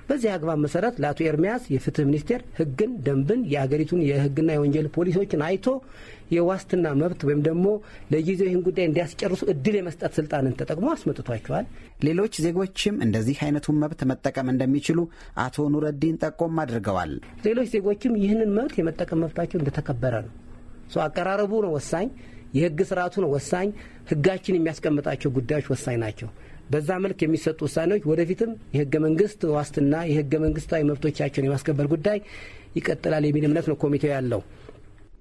[SPEAKER 10] በዚህ አግባብ መሰረት ለአቶ ኤርሚያስ የፍትህ ሚኒስቴር ህግን፣ ደንብን፣ የሀገሪቱን የህግና የወንጀል ፖሊሶችን አይቶ የዋስትና መብት ወይም ደግሞ ለጊዜው ይህን ጉዳይ እንዲያስጨርሱ እድል የመስጠት ስልጣንን ተጠቅሞ አስመጥቷቸዋል። ሌሎች ዜጎችም እንደዚህ አይነቱን መብት መጠቀም እንደሚችሉ አቶ ኑረዲን ጠቆም አድርገዋል። ሌሎች ዜጎችም ይህንን መብት የመጠቀም መብታቸው እንደተከበረ ነው። አቀራረቡ ነው ወሳኝ። የህግ ስርዓቱን ወሳኝ። ህጋችን የሚያስቀምጣቸው ጉዳዮች ወሳኝ ናቸው። በዛ መልክ የሚሰጡ ውሳኔዎች ወደፊትም የህገ መንግስት ዋስትና የህገ መንግስታዊ መብቶቻቸውን የማስከበር ጉዳይ ይቀጥላል የሚል እምነት ነው ኮሚቴው ያለው።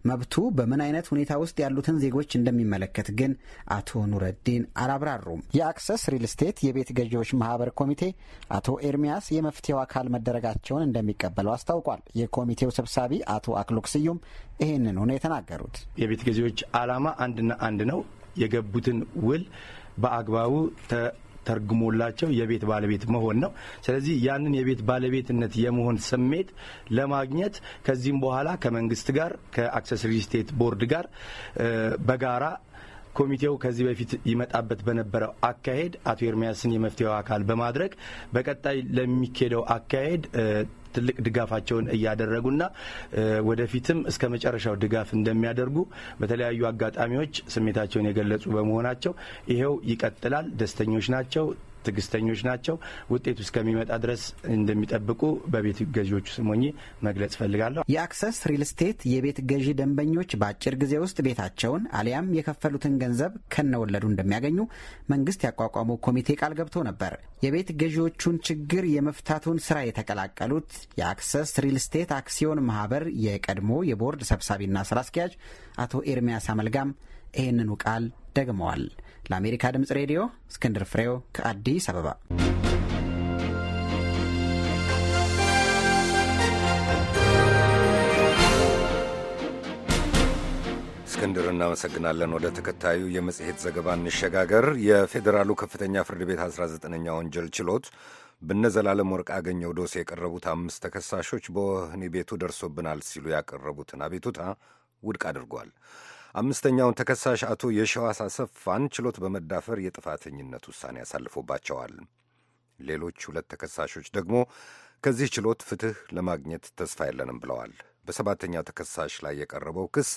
[SPEAKER 10] መብቱ በምን አይነት ሁኔታ ውስጥ ያሉትን ዜጎች እንደሚመለከት ግን አቶ ኑረዲን አላብራሩም። የአክሰስ ሪል ስቴት የቤት ገዢዎች ማህበር ኮሚቴ አቶ ኤርሚያስ የመፍትሄው አካል መደረጋቸውን እንደሚቀበሉ አስታውቋል። የኮሚቴው ሰብሳቢ አቶ አክሎክ ስዩም ይህንኑ ነው የተናገሩት።
[SPEAKER 4] የቤት ገዢዎች አላማ አንድና አንድ ነው። የገቡትን ውል በአግባቡ ተርግሞላቸው የቤት ባለቤት መሆን ነው። ስለዚህ ያንን የቤት ባለቤትነት የመሆን ስሜት ለማግኘት ከዚህም በኋላ ከመንግስት ጋር ከአክሰስ ሪል ስቴት ቦርድ ጋር በጋራ ኮሚቴው ከዚህ በፊት ይመጣበት በነበረው አካሄድ አቶ ኤርሚያስን የመፍትሄው አካል በማድረግ በቀጣይ ለሚካሄደው አካሄድ ትልቅ ድጋፋቸውን እያደረጉና ወደፊትም እስከ መጨረሻው ድጋፍ እንደሚያደርጉ በተለያዩ አጋጣሚዎች ስሜታቸውን የገለጹ በመሆናቸው ይኸው ይቀጥላል። ደስተኞች ናቸው። ትግስተኞች ናቸው። ውጤቱ እስከሚመጣ ድረስ እንደሚጠብቁ በቤት ገዢዎቹ ስሞኝ መግለጽ ፈልጋለሁ። የአክሰስ ሪል ስቴት የቤት ገዢ
[SPEAKER 10] ደንበኞች በአጭር ጊዜ ውስጥ ቤታቸውን አሊያም የከፈሉትን ገንዘብ ከነወለዱ እንደሚያገኙ መንግስት ያቋቋመው ኮሚቴ ቃል ገብቶ ነበር። የቤት ገዢዎቹን ችግር የመፍታቱን ስራ የተቀላቀሉት የአክሰስ ሪል ስቴት አክሲዮን ማህበር የቀድሞ የቦርድ ሰብሳቢና ስራ አስኪያጅ አቶ ኤርሚያስ አመልጋም ይህንኑ ቃል ደግመዋል። ለአሜሪካ ድምፅ ሬዲዮ እስክንድር ፍሬው ከአዲስ አበባ።
[SPEAKER 4] እስክንድር እናመሰግናለን። ወደ ተከታዩ የመጽሔት ዘገባ እንሸጋገር። የፌዴራሉ ከፍተኛ ፍርድ ቤት 19ኛ ወንጀል ችሎት በነዘላለም ወርቅ አገኘው ዶሴ የቀረቡት አምስት ተከሳሾች በወህኒ ቤቱ ደርሶብናል ሲሉ ያቀረቡትን አቤቱታ ውድቅ አድርጓል። አምስተኛውን ተከሳሽ አቶ የሸዋስ አሰፋን ችሎት በመዳፈር የጥፋተኝነት ውሳኔ ያሳልፎባቸዋል። ሌሎች ሁለት ተከሳሾች ደግሞ ከዚህ ችሎት ፍትህ ለማግኘት ተስፋ የለንም ብለዋል። በሰባተኛው ተከሳሽ ላይ የቀረበው ክስ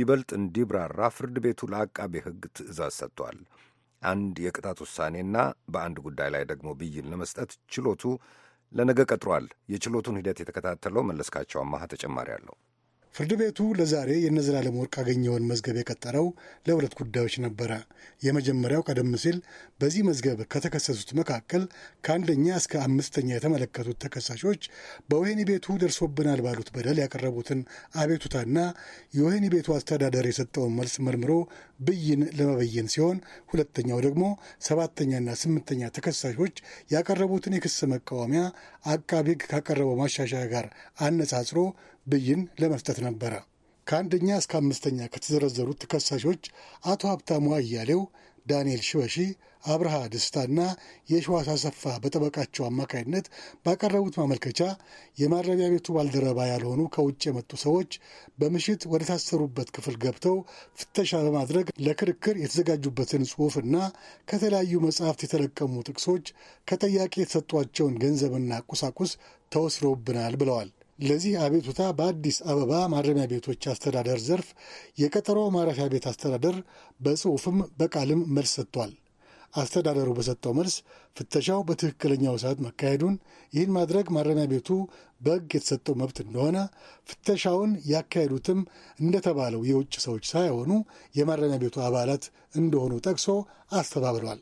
[SPEAKER 4] ይበልጥ እንዲብራራ ፍርድ ቤቱ ለአቃቤ ሕግ ትዕዛዝ ሰጥቷል። አንድ የቅጣት ውሳኔና በአንድ ጉዳይ ላይ ደግሞ ብይን ለመስጠት ችሎቱ ለነገ ቀጥሯል። የችሎቱን ሂደት የተከታተለው መለስካቸው አማሃ ተጨማሪ አለው።
[SPEAKER 11] ፍርድ ቤቱ ለዛሬ የነዘላለም ወርቅ አገኘውን መዝገብ የቀጠረው ለሁለት ጉዳዮች ነበረ። የመጀመሪያው ቀደም ሲል በዚህ መዝገብ ከተከሰሱት መካከል ከአንደኛ እስከ አምስተኛ የተመለከቱት ተከሳሾች በወህኒ ቤቱ ደርሶብናል ባሉት በደል ያቀረቡትን አቤቱታና የወህኒ ቤቱ አስተዳደር የሰጠውን መልስ መርምሮ ብይን ለመበየን ሲሆን፣ ሁለተኛው ደግሞ ሰባተኛና ስምንተኛ ተከሳሾች ያቀረቡትን የክስ መቃወሚያ አቃቢ ሕግ ካቀረበው ማሻሻያ ጋር አነጻጽሮ ብይን ለመስጠት ነበረ። ከአንደኛ እስከ አምስተኛ ከተዘረዘሩት ተከሳሾች አቶ ሀብታሙ አያሌው፣ ዳንኤል ሽበሺ፣ አብርሃ ደስታና የሸዋስ አሰፋ በጠበቃቸው አማካይነት ባቀረቡት ማመልከቻ የማረሚያ ቤቱ ባልደረባ ያልሆኑ ከውጭ የመጡ ሰዎች በምሽት ወደ ታሰሩበት ክፍል ገብተው ፍተሻ በማድረግ ለክርክር የተዘጋጁበትን ጽሑፍና ከተለያዩ መጽሐፍት የተለቀሙ ጥቅሶች ከጠያቂ የተሰጧቸውን ገንዘብና ቁሳቁስ ተወስረውብናል ብለዋል። ለዚህ አቤቱታ በአዲስ አበባ ማረሚያ ቤቶች አስተዳደር ዘርፍ የቀጠሮ ማረፊያ ቤት አስተዳደር በጽሑፍም በቃልም መልስ ሰጥቷል። አስተዳደሩ በሰጠው መልስ ፍተሻው በትክክለኛው ሰዓት መካሄዱን፣ ይህን ማድረግ ማረሚያ ቤቱ በሕግ የተሰጠው መብት እንደሆነ፣ ፍተሻውን ያካሄዱትም እንደተባለው የውጭ ሰዎች ሳይሆኑ የማረሚያ ቤቱ አባላት እንደሆኑ ጠቅሶ አስተባብሏል።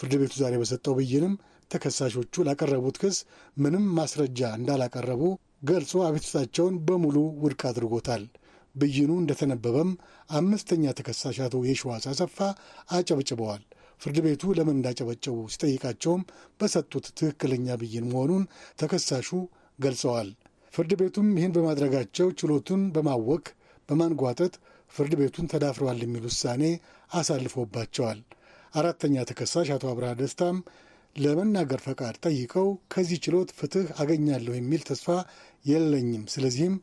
[SPEAKER 11] ፍርድ ቤቱ ዛሬ በሰጠው ብይንም ተከሳሾቹ ላቀረቡት ክስ ምንም ማስረጃ እንዳላቀረቡ ገልጾ አቤቱታቸውን በሙሉ ውድቅ አድርጎታል። ብይኑ እንደተነበበም አምስተኛ ተከሳሽ አቶ የሸዋስ አሰፋ አጨብጭበዋል። ፍርድ ቤቱ ለምን እንዳጨበጨቡ ሲጠይቃቸውም በሰጡት ትክክለኛ ብይን መሆኑን ተከሳሹ ገልጸዋል። ፍርድ ቤቱም ይህን በማድረጋቸው ችሎቱን በማወክ በማንጓጠጥ ፍርድ ቤቱን ተዳፍረዋል የሚል ውሳኔ አሳልፎባቸዋል። አራተኛ ተከሳሽ አቶ አብርሃ ደስታም ለመናገር ፈቃድ ጠይቀው ከዚህ ችሎት ፍትህ አገኛለሁ የሚል ተስፋ የለኝም፣ ስለዚህም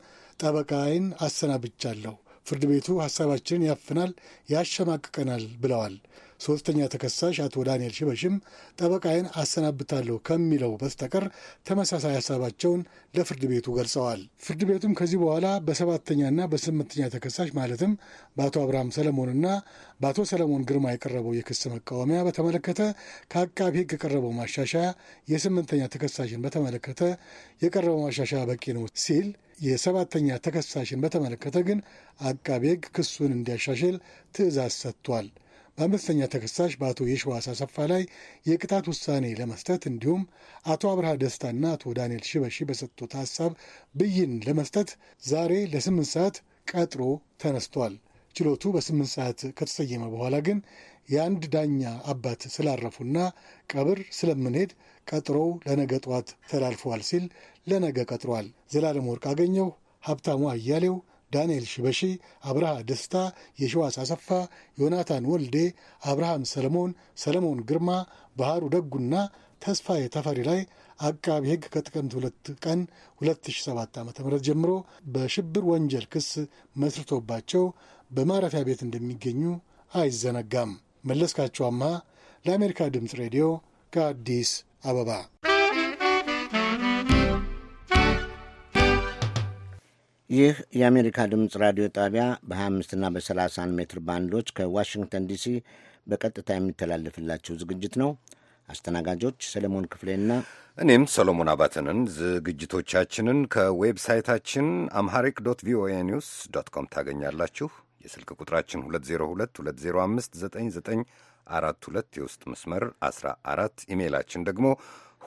[SPEAKER 11] ጠበቃዬን አሰናብቻለሁ። ፍርድ ቤቱ ሀሳባችንን ያፍናል፣ ያሸማቅቀናል ብለዋል። ሶስተኛ ተከሳሽ አቶ ዳንኤል ሽበሽም ጠበቃዬን አሰናብታለሁ ከሚለው በስተቀር ተመሳሳይ ሀሳባቸውን ለፍርድ ቤቱ ገልጸዋል። ፍርድ ቤቱም ከዚህ በኋላ በሰባተኛና በስምንተኛ ተከሳሽ ማለትም በአቶ አብርሃም ሰለሞንና በአቶ ሰለሞን ግርማ የቀረበው የክስ መቃወሚያ በተመለከተ ከአቃቢ ሕግ የቀረበው ማሻሻያ የስምንተኛ ተከሳሽን በተመለከተ የቀረበው ማሻሻያ በቂ ነው ሲል የሰባተኛ ተከሳሽን በተመለከተ ግን አቃቤ ሕግ ክሱን እንዲያሻሽል ትዕዛዝ ሰጥቷል። በአምስተኛ ተከሳሽ በአቶ የሸዋስ አሰፋ ላይ የቅጣት ውሳኔ ለመስጠት እንዲሁም አቶ አብርሃ ደስታና አቶ ዳንኤል ሽበሺ በሰጡት ሀሳብ ብይን ለመስጠት ዛሬ ለስምንት ሰዓት ቀጥሮ ተነስቷል። ችሎቱ በስምንት ሰዓት ከተሰየመ በኋላ ግን የአንድ ዳኛ አባት ስላረፉና ቀብር ስለምንሄድ ቀጥሮው ለነገ ጠዋት ተላልፈዋል ሲል ለነገ ቀጥሯል። ዘላለም ወርቅ አገኘሁ፣ ሀብታሙ አያሌው ዳንኤል ሽበሺ፣ አብርሃ ደስታ፣ የሸዋስ አሰፋ፣ ዮናታን ወልዴ፣ አብርሃም ሰለሞን፣ ሰለሞን ግርማ፣ ባህሩ ደጉና ተስፋዬ ተፈሪ ላይ አቃቢ ሕግ ከጥቅምት ሁለት ቀን 2007 ዓ ም ጀምሮ በሽብር ወንጀል ክስ መስርቶባቸው በማረፊያ ቤት እንደሚገኙ አይዘነጋም። መለስካቸው አምሃ ለአሜሪካ ድምፅ ሬዲዮ ከአዲስ አበባ
[SPEAKER 2] ይህ የአሜሪካ ድምፅ ራዲዮ ጣቢያ በ25ና በ30 ሜትር ባንዶች ከዋሽንግተን ዲሲ በቀጥታ የሚተላለፍላቸው ዝግጅት ነው። አስተናጋጆች ሰለሞን ክፍሌና
[SPEAKER 4] እኔም ሰሎሞን አባተንን። ዝግጅቶቻችንን ከዌብሳይታችን አምሃሪክ ዶት ቪኦኤ ኒውስ ዶት ኮም ታገኛላችሁ። የስልክ ቁጥራችን 2022059942 የውስጥ መስመር 14 ኢሜይላችን ደግሞ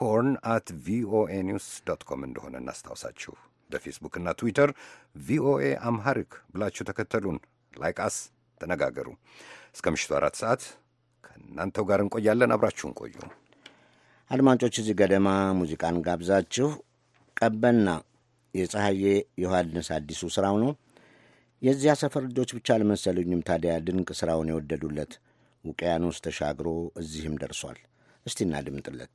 [SPEAKER 4] ሆርን አት ቪኦኤ ኒውስ ዶት ኮም እንደሆነ እናስታውሳችሁ። በፌስቡክና ትዊተር ቪኦኤ አምሃሪክ ብላችሁ ተከተሉን፣ አስ፣ ተነጋገሩ። እስከ ምሽቱ አራት ሰዓት ከእናንተው ጋር
[SPEAKER 2] እንቆያለን። አብራችሁን ቆዩ። አድማጮች፣ እዚህ ገደማ ሙዚቃን ጋብዛችሁ ቀበና የፀሐዬ ዮሐንስ አዲሱ ሥራው ነው። የዚያ ሰፈር ልጆች ብቻ አልመሰሉኝም ታዲያ ድንቅ ሥራውን የወደዱለት ውቅያኖስ ተሻግሮ እዚህም ደርሷል። እስቲና ድምጥለት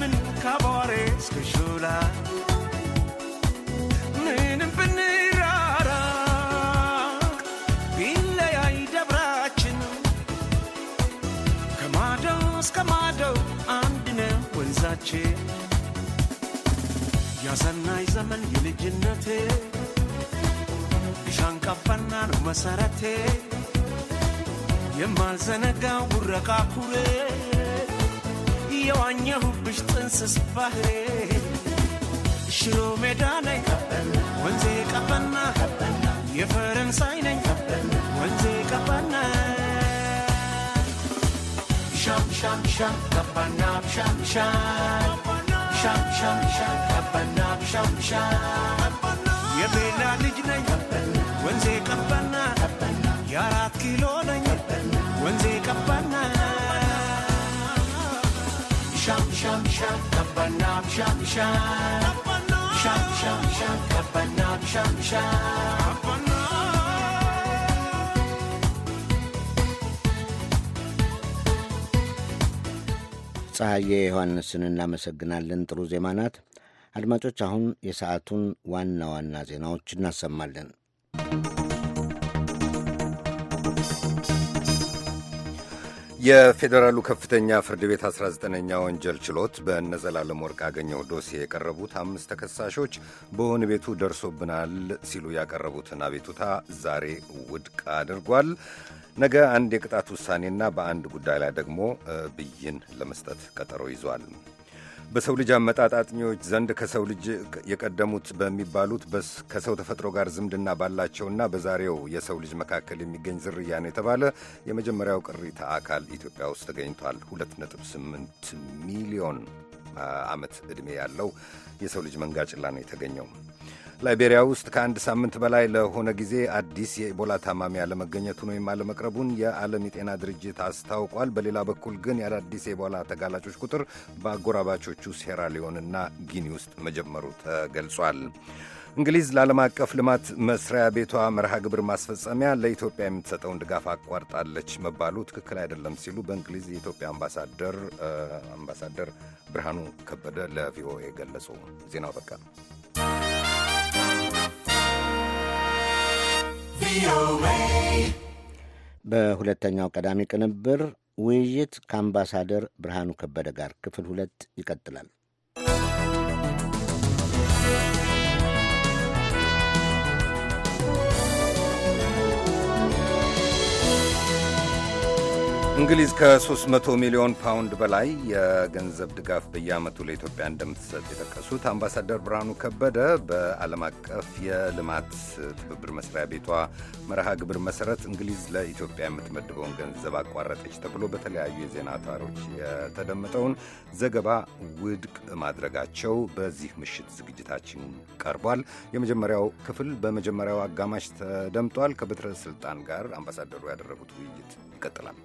[SPEAKER 1] ለምን ካቧሬ እስከ ሾላ ምንም ብንራራቅ ቢለያይ ደብራችን ከማዶ እስከ ማዶ አንድ ነው ወንዛችን። ያሰናይ ዘመን የልጅነቴ ሻንቀፈና ነው መሰረቴ የማልዘነጋው ጉረቃ ኩሬ የዋኘሁብሽ ጥንስስ ባህሬ ሽሮ ሜዳ ነኝ ወንዜ ቀበና የፈረንሳይ ነኝ ወንዜ ቀበና ሻም ሻም ሻም ቀበና ሻም ሻም ሻም ሻም ሻም ቀበና ሻም ሻም የቤላ ልጅ ነኝ ወንዜ ቀበና የአራት ኪሎ ነኝ ወንዜ ቀበና ፀሐዬ
[SPEAKER 2] ዮሐንስን እናመሰግናለን። ጥሩ ዜማ ናት። አድማጮች፣ አሁን የሰዓቱን ዋና ዋና ዜናዎች እናሰማለን።
[SPEAKER 4] የፌዴራሉ ከፍተኛ ፍርድ ቤት 19ኛ ወንጀል ችሎት በእነ ዘላለም ወርቅ አገኘው ዶሴ የቀረቡት አምስት ተከሳሾች በሆን ቤቱ ደርሶብናል ሲሉ ያቀረቡትን አቤቱታ ዛሬ ውድቅ አድርጓል። ነገ አንድ የቅጣት ውሳኔና በአንድ ጉዳይ ላይ ደግሞ ብይን ለመስጠት ቀጠሮ ይዟል። በሰው ልጅ አመጣጥ አጥኚዎች ዘንድ ከሰው ልጅ የቀደሙት በሚባሉት ከሰው ተፈጥሮ ጋር ዝምድና ባላቸውና በዛሬው የሰው ልጅ መካከል የሚገኝ ዝርያ ነው የተባለ የመጀመሪያው ቅሪተ አካል ኢትዮጵያ ውስጥ ተገኝቷል። 2.8 ሚሊዮን ዓመት ዕድሜ ያለው የሰው ልጅ መንጋጭላ ነው የተገኘው። ላይቤሪያ ውስጥ ከአንድ ሳምንት በላይ ለሆነ ጊዜ አዲስ የኢቦላ ታማሚ አለመገኘቱን ወይም አለመቅረቡን የዓለም የጤና ድርጅት አስታውቋል። በሌላ በኩል ግን የአዳዲስ የኢቦላ ተጋላጮች ቁጥር በአጎራባቾቹ ሴራሊዮንና ጊኒ ውስጥ መጀመሩ ተገልጿል። እንግሊዝ ለዓለም አቀፍ ልማት መስሪያ ቤቷ መርሃ ግብር ማስፈጸሚያ ለኢትዮጵያ የምትሰጠውን ድጋፍ አቋርጣለች መባሉ ትክክል አይደለም ሲሉ በእንግሊዝ የኢትዮጵያ አምባሳደር አምባሳደር ብርሃኑ ከበደ ለቪኦኤ ገለጹ። ዜናው በቃ።
[SPEAKER 2] በሁለተኛው ቀዳሚ ቅንብር ውይይት ከአምባሳደር ብርሃኑ ከበደ ጋር ክፍል ሁለት ይቀጥላል።
[SPEAKER 4] እንግሊዝ ከ300 ሚሊዮን ፓውንድ በላይ የገንዘብ ድጋፍ በየዓመቱ ለኢትዮጵያ እንደምትሰጥ የጠቀሱት አምባሳደር ብርሃኑ ከበደ በዓለም አቀፍ የልማት ትብብር መስሪያ ቤቷ መርሃ ግብር መሰረት እንግሊዝ ለኢትዮጵያ የምትመድበውን ገንዘብ አቋረጠች ተብሎ በተለያዩ የዜና አውታሮች የተደመጠውን ዘገባ ውድቅ ማድረጋቸው በዚህ ምሽት ዝግጅታችን ቀርቧል። የመጀመሪያው ክፍል በመጀመሪያው አጋማሽ ተደምጧል። ከበትረ ስልጣን ጋር አምባሳደሩ ያደረጉት ውይይት ይቀጥላል።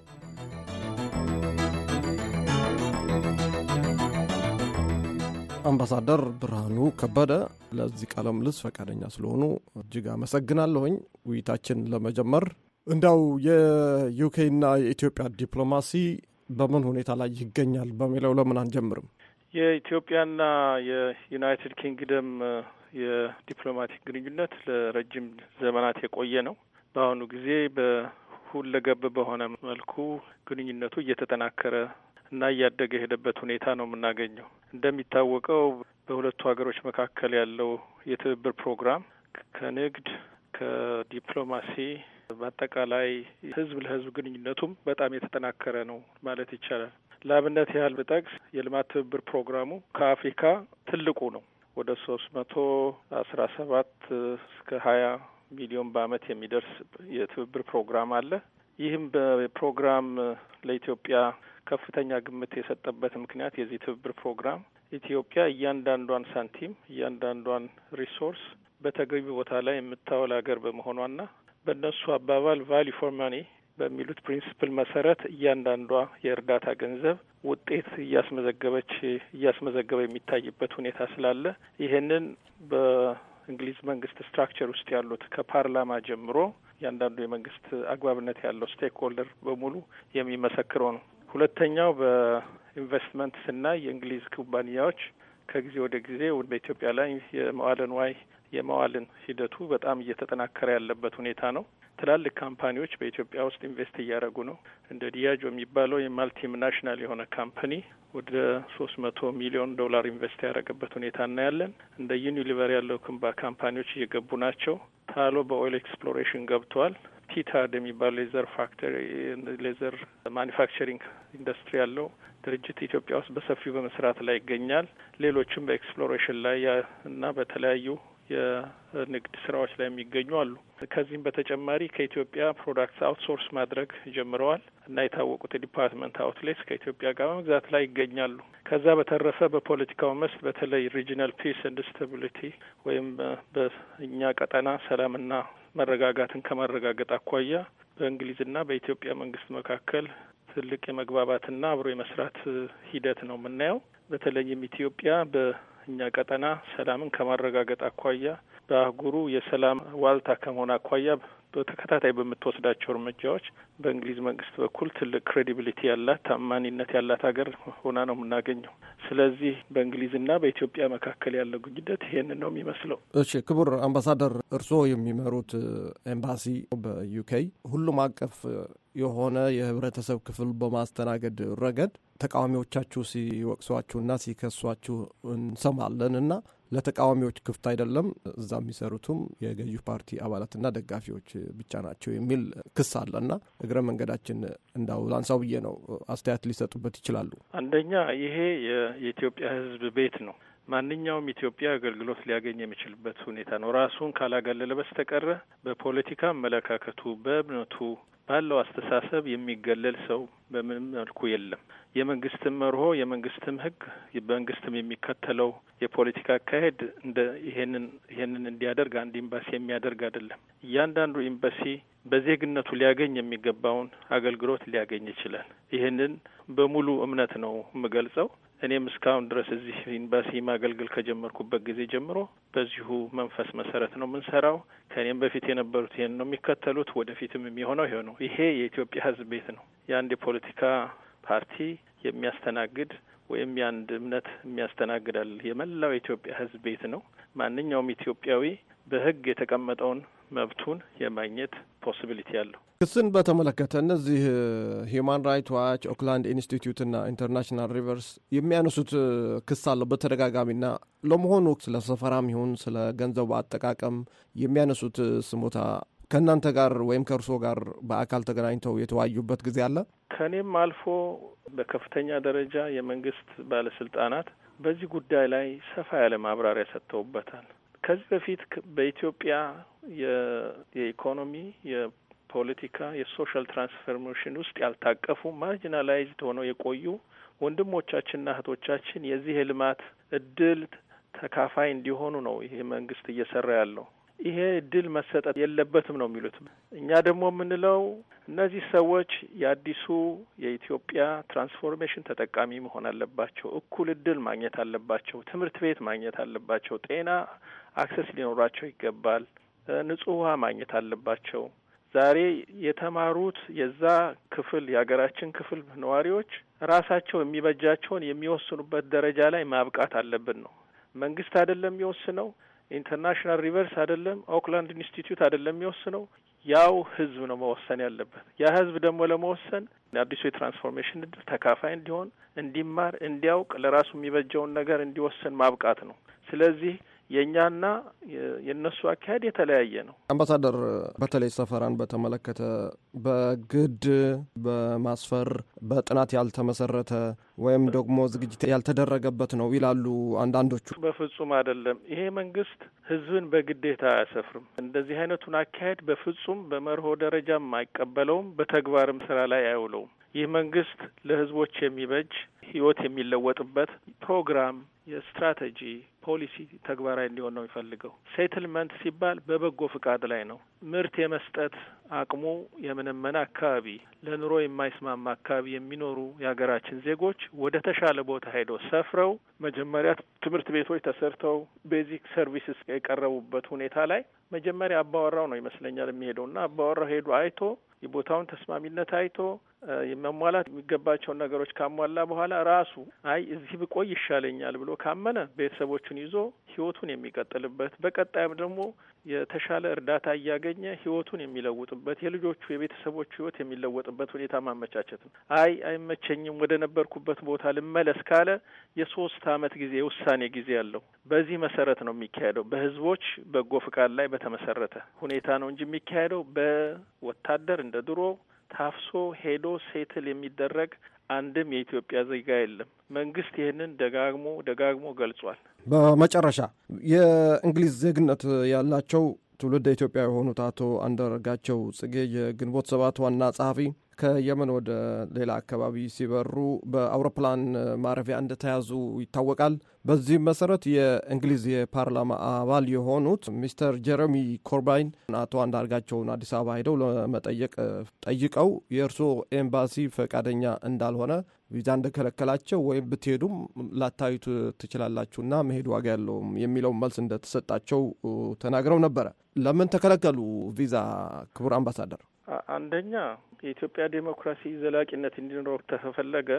[SPEAKER 9] አምባሳደር ብርሃኑ ከበደ ለዚህ ቃለ ምልልስ ፈቃደኛ ስለሆኑ እጅግ አመሰግናለሁኝ። ውይይታችን ለመጀመር እንዳው ና የኢትዮጵያ ዲፕሎማሲ በምን ሁኔታ ላይ ይገኛል በሚለው ለምን አንጀምርም?
[SPEAKER 3] የኢትዮጵያና የዩናይትድ ኪንግደም የዲፕሎማቲክ ግንኙነት ለረጅም ዘመናት የቆየ ነው። በአሁኑ ጊዜ ሁለገብ በሆነ መልኩ ግንኙነቱ እየተጠናከረ እና እያደገ የሄደበት ሁኔታ ነው የምናገኘው። እንደሚታወቀው በሁለቱ ሀገሮች መካከል ያለው የትብብር ፕሮግራም ከንግድ፣ ከዲፕሎማሲ በአጠቃላይ ህዝብ ለህዝብ ግንኙነቱም በጣም የተጠናከረ ነው ማለት ይቻላል። ለአብነት ያህል ብጠቅስ የልማት ትብብር ፕሮግራሙ ከአፍሪካ ትልቁ ነው። ወደ ሶስት መቶ አስራ ሰባት እስከ ሀያ ሚሊዮን በአመት የሚደርስ የትብብር ፕሮግራም አለ። ይህም በፕሮግራም ለኢትዮጵያ ከፍተኛ ግምት የሰጠበት ምክንያት የዚህ ትብብር ፕሮግራም ኢትዮጵያ እያንዳንዷን ሳንቲም እያንዳንዷን ሪሶርስ በተገቢ ቦታ ላይ የምታውል ሀገር በመሆኗና በእነሱ አባባል ቫሊ ፎር ማኒ በሚሉት ፕሪንስፕል መሰረት እያንዳንዷ የእርዳታ ገንዘብ ውጤት እያስመዘገበች እያስመዘገበ የሚታይበት ሁኔታ ስላለ ይህንን በ እንግሊዝ መንግስት ስትራክቸር ውስጥ ያሉት ከፓርላማ ጀምሮ እያንዳንዱ የመንግስት አግባብነት ያለው ስቴክ ሆልደር በሙሉ የሚመሰክረው ነው። ሁለተኛው በኢንቨስትመንት ስናይ የእንግሊዝ ኩባንያዎች ከጊዜ ወደ ጊዜ በኢትዮጵያ ላይ የመዋለ ንዋይ የመዋልን ሂደቱ በጣም እየተጠናከረ ያለበት ሁኔታ ነው። ትላልቅ ካምፓኒዎች በኢትዮጵያ ውስጥ ኢንቨስት እያደረጉ ነው። እንደ ዲያጆ የሚባለው የማልቲም ናሽናል የሆነ ካምፓኒ ወደ ሶስት መቶ ሚሊዮን ዶላር ኢንቨስት ያደረገበት ሁኔታ እናያለን። እንደ ዩኒሊቨር ያለው ክንባ ካምፓኒዎች እየገቡ ናቸው። ታሎ በኦይል ኤክስፕሎሬሽን ገብተዋል። ቲታድ የሚባል ሌዘር ፋክተሪ ሌዘር ማኒፋክቸሪንግ ኢንዱስትሪ ያለው ድርጅት ኢትዮጵያ ውስጥ በሰፊው በመስራት ላይ ይገኛል። ሌሎችም በኤክስፕሎሬሽን ላይ እና በተለያዩ የንግድ ስራዎች ላይ የሚገኙ አሉ። ከዚህም በተጨማሪ ከኢትዮጵያ ፕሮዳክት አውትሶርስ ማድረግ ጀምረዋል እና የታወቁት የዲፓርትመንት አውትሌትስ ከኢትዮጵያ ጋር በመግዛት ላይ ይገኛሉ። ከዛ በተረፈ በፖለቲካው መስክ በተለይ ሪጂናል ፒስ ኤንድ ስታቢሊቲ ወይም በእኛ ቀጠና ሰላምና መረጋጋትን ከማረጋገጥ አኳያ በእንግሊዝና በኢትዮጵያ መንግስት መካከል ትልቅ የመግባባትና አብሮ የመስራት ሂደት ነው የምናየው። በተለይም ኢትዮጵያ በ እኛ ቀጠና ሰላምን ከማረጋገጥ አኳያ በአህጉሩ የሰላም ዋልታ ከመሆን አኳያ በተከታታይ በምትወስዳቸው እርምጃዎች በእንግሊዝ መንግስት በኩል ትልቅ ክሬዲቢሊቲ ያላት ታማኒነት ያላት ሀገር ሆና ነው የምናገኘው። ስለዚህ በእንግሊዝና በኢትዮጵያ መካከል ያለ ግንኙነት ይሄንን ነው የሚመስለው።
[SPEAKER 9] እሺ፣ ክቡር አምባሳደር እርስዎ የሚመሩት ኤምባሲ በዩኬይ ሁሉም አቀፍ የሆነ የህብረተሰብ ክፍል በማስተናገድ ረገድ ተቃዋሚዎቻችሁ ሲወቅሷችሁና ሲከሷችሁ እንሰማለን እና ለተቃዋሚዎች ክፍት አይደለም፣ እዛ የሚሰሩትም የገዢ ፓርቲ አባላትና ደጋፊዎች ብቻ ናቸው የሚል ክስ አለ እና እግረ መንገዳችን እንዳው ላንሳው ብዬ ነው። አስተያየት ሊሰጡበት ይችላሉ።
[SPEAKER 3] አንደኛ ይሄ የኢትዮጵያ ህዝብ ቤት ነው። ማንኛውም ኢትዮጵያ አገልግሎት ሊያገኝ የሚችልበት ሁኔታ ነው። ራሱን ካላገለለ በስተቀረ በፖለቲካ አመለካከቱ፣ በእምነቱ፣ ባለው አስተሳሰብ የሚገለል ሰው በምንም መልኩ የለም። የመንግስትም መርሆ የመንግስትም ህግ መንግስትም የሚከተለው የፖለቲካ አካሄድ እንደ ይሄንን ይሄንን እንዲያደርግ አንድ ኤምባሲ የሚያደርግ አይደለም። እያንዳንዱ ኤምባሲ በዜግነቱ ሊያገኝ የሚገባውን አገልግሎት ሊያገኝ ይችላል። ይህንን በሙሉ እምነት ነው የምገልጸው። እኔም እስካሁን ድረስ እዚህ ኤምባሲ ማገልገል ከጀመርኩበት ጊዜ ጀምሮ በዚሁ መንፈስ መሰረት ነው የምንሰራው። ከእኔም በፊት የነበሩት ይህን ነው የሚከተሉት፣ ወደፊትም የሚሆነው ይሄ ነው። ይሄ የኢትዮጵያ ሕዝብ ቤት ነው። የአንድ የፖለቲካ ፓርቲ የሚያስተናግድ ወይም የአንድ እምነት የሚያስተናግዳል የመላው የኢትዮጵያ ሕዝብ ቤት ነው። ማንኛውም ኢትዮጵያዊ በህግ የተቀመጠውን መብቱን የማግኘት ፖሲቢሊቲ ያለው።
[SPEAKER 9] ክስን በተመለከተ እነዚህ ሂዩማን ራይት ዋች፣ ኦክላንድ ኢንስቲትዩት እና ኢንተርናሽናል ሪቨርስ የሚያነሱት ክስ አለው ና ለመሆኑ ስለ ሰፈራም ይሁን ስለ ገንዘቡ አጠቃቀም የሚያነሱት ስሞታ ከእናንተ ጋር ወይም ከእርስዎ ጋር በአካል ተገናኝተው የተወያዩበት ጊዜ አለ?
[SPEAKER 3] ከእኔም አልፎ በከፍተኛ ደረጃ የመንግስት ባለስልጣናት በዚህ ጉዳይ ላይ ሰፋ ያለ ማብራሪያ ሰጥተውበታል። ከዚህ በፊት በኢትዮጵያ የኢኮኖሚ የፖለቲካ፣ የሶሻል ትራንስፎርሜሽን ውስጥ ያልታቀፉ ማርጂናላይዝድ ሆነው የቆዩ ወንድሞቻችንና እህቶቻችን የዚህ የልማት እድል ተካፋይ እንዲሆኑ ነው ይሄ መንግስት እየሰራ ያለው። ይሄ እድል መሰጠት የለበትም ነው የሚሉት። እኛ ደግሞ የምንለው እነዚህ ሰዎች የአዲሱ የኢትዮጵያ ትራንስፎርሜሽን ተጠቃሚ መሆን አለባቸው። እኩል እድል ማግኘት አለባቸው። ትምህርት ቤት ማግኘት አለባቸው። ጤና አክሰስ ሊኖራቸው ይገባል። ንጹህ ውሃ ማግኘት አለባቸው። ዛሬ የተማሩት የዛ ክፍል የሀገራችን ክፍል ነዋሪዎች ራሳቸው የሚበጃቸውን የሚወስኑበት ደረጃ ላይ ማብቃት አለብን ነው። መንግስት አይደለም የሚወስነው፣ ኢንተርናሽናል ሪቨርስ አይደለም፣ ኦክላንድ ኢንስቲትዩት አይደለም የሚወስነው፣ ያው ህዝብ ነው መወሰን ያለበት። ያ ህዝብ ደግሞ ለመወሰን አዲሱ የትራንስፎርሜሽን እድል ተካፋይ እንዲሆን፣ እንዲማር፣ እንዲያውቅ፣ ለራሱ የሚበጀውን ነገር እንዲወስን ማብቃት ነው። ስለዚህ የእኛና የእነሱ አካሄድ የተለያየ ነው።
[SPEAKER 9] አምባሳደር፣ በተለይ ሰፈራን በተመለከተ በግድ በማስፈር በጥናት ያልተመሰረተ ወይም ደግሞ ዝግጅት ያልተደረገበት ነው ይላሉ አንዳንዶቹ።
[SPEAKER 3] በፍጹም አይደለም። ይሄ መንግስት ህዝብን በግዴታ አያሰፍርም። እንደዚህ አይነቱን አካሄድ በፍጹም በመርሆ ደረጃም አይቀበለውም፣ በተግባርም ስራ ላይ አይውለውም። ይህ መንግስት ለህዝቦች የሚበጅ ህይወት የሚለወጥበት ፕሮግራም፣ የስትራቴጂ ፖሊሲ ተግባራዊ እንዲሆን ነው የሚፈልገው። ሴትልመንት ሲባል በበጎ ፍቃድ ላይ ነው ምርት የመስጠት አቅሙ የመነመነ አካባቢ፣ ለኑሮ የማይስማማ አካባቢ የሚኖሩ የሀገራችን ዜጎች ወደ ተሻለ ቦታ ሄደው ሰፍረው መጀመሪያ ትምህርት ቤቶች ተሰርተው ቤዚክ ሰርቪስስ የቀረቡበት ሁኔታ ላይ መጀመሪያ አባወራው ነው ይመስለኛል የሚሄደው እና አባወራው ሄዶ አይቶ የቦታውን ተስማሚነት አይቶ የመሟላት የሚገባቸውን ነገሮች ካሟላ በኋላ ራሱ አይ እዚህ ብቆይ ይሻለኛል ብሎ ካመነ ቤተሰቦቹን ይዞ ህይወቱን የሚቀጥልበት በቀጣይም ደግሞ የተሻለ እርዳታ እያገኘ ህይወቱን የሚለውጥበት የልጆቹ የቤተሰቦቹ ህይወት የሚለወጥበት ሁኔታ ማመቻቸት ነው። አይ አይመቸኝም፣ ወደ ነበርኩበት ቦታ ልመለስ ካለ የሶስት አመት ጊዜ የውሳኔ ጊዜ አለው በዚህ መሰረት ነው የሚካሄደው። በህዝቦች በጎ ፍቃድ ላይ በተመሰረተ ሁኔታ ነው እንጂ የሚካሄደው በወታደር እንደ ድሮ ታፍሶ ሄዶ ሴትል የሚደረግ አንድም የኢትዮጵያ ዜጋ የለም። መንግስት ይህንን ደጋግሞ ደጋግሞ ገልጿል።
[SPEAKER 9] በመጨረሻ የእንግሊዝ ዜግነት ያላቸው ትውልድ ኢትዮጵያ የሆኑት አቶ አንዳርጋቸው ጽጌ የግንቦት ሰባት ዋና ጸሐፊ ከየመን ወደ ሌላ አካባቢ ሲበሩ በአውሮፕላን ማረፊያ እንደተያዙ ይታወቃል። በዚህም መሰረት የእንግሊዝ የፓርላማ አባል የሆኑት ሚስተር ጀረሚ ኮርባይን አቶ አንዳርጋቸውን አዲስ አበባ ሄደው ለመጠየቅ ጠይቀው የእርስዎ ኤምባሲ ፈቃደኛ እንዳልሆነ ቪዛ እንደከለከላቸው ወይም ብትሄዱም ላታዩት ትችላላችሁና መሄድ ዋጋ ያለውም የሚለው መልስ እንደተሰጣቸው ተናግረው ነበረ። ለምን ተከለከሉ ቪዛ ክቡር አምባሳደር?
[SPEAKER 3] አንደኛ የኢትዮጵያ ዴሞክራሲ ዘላቂነት እንዲኖረው ተፈለገ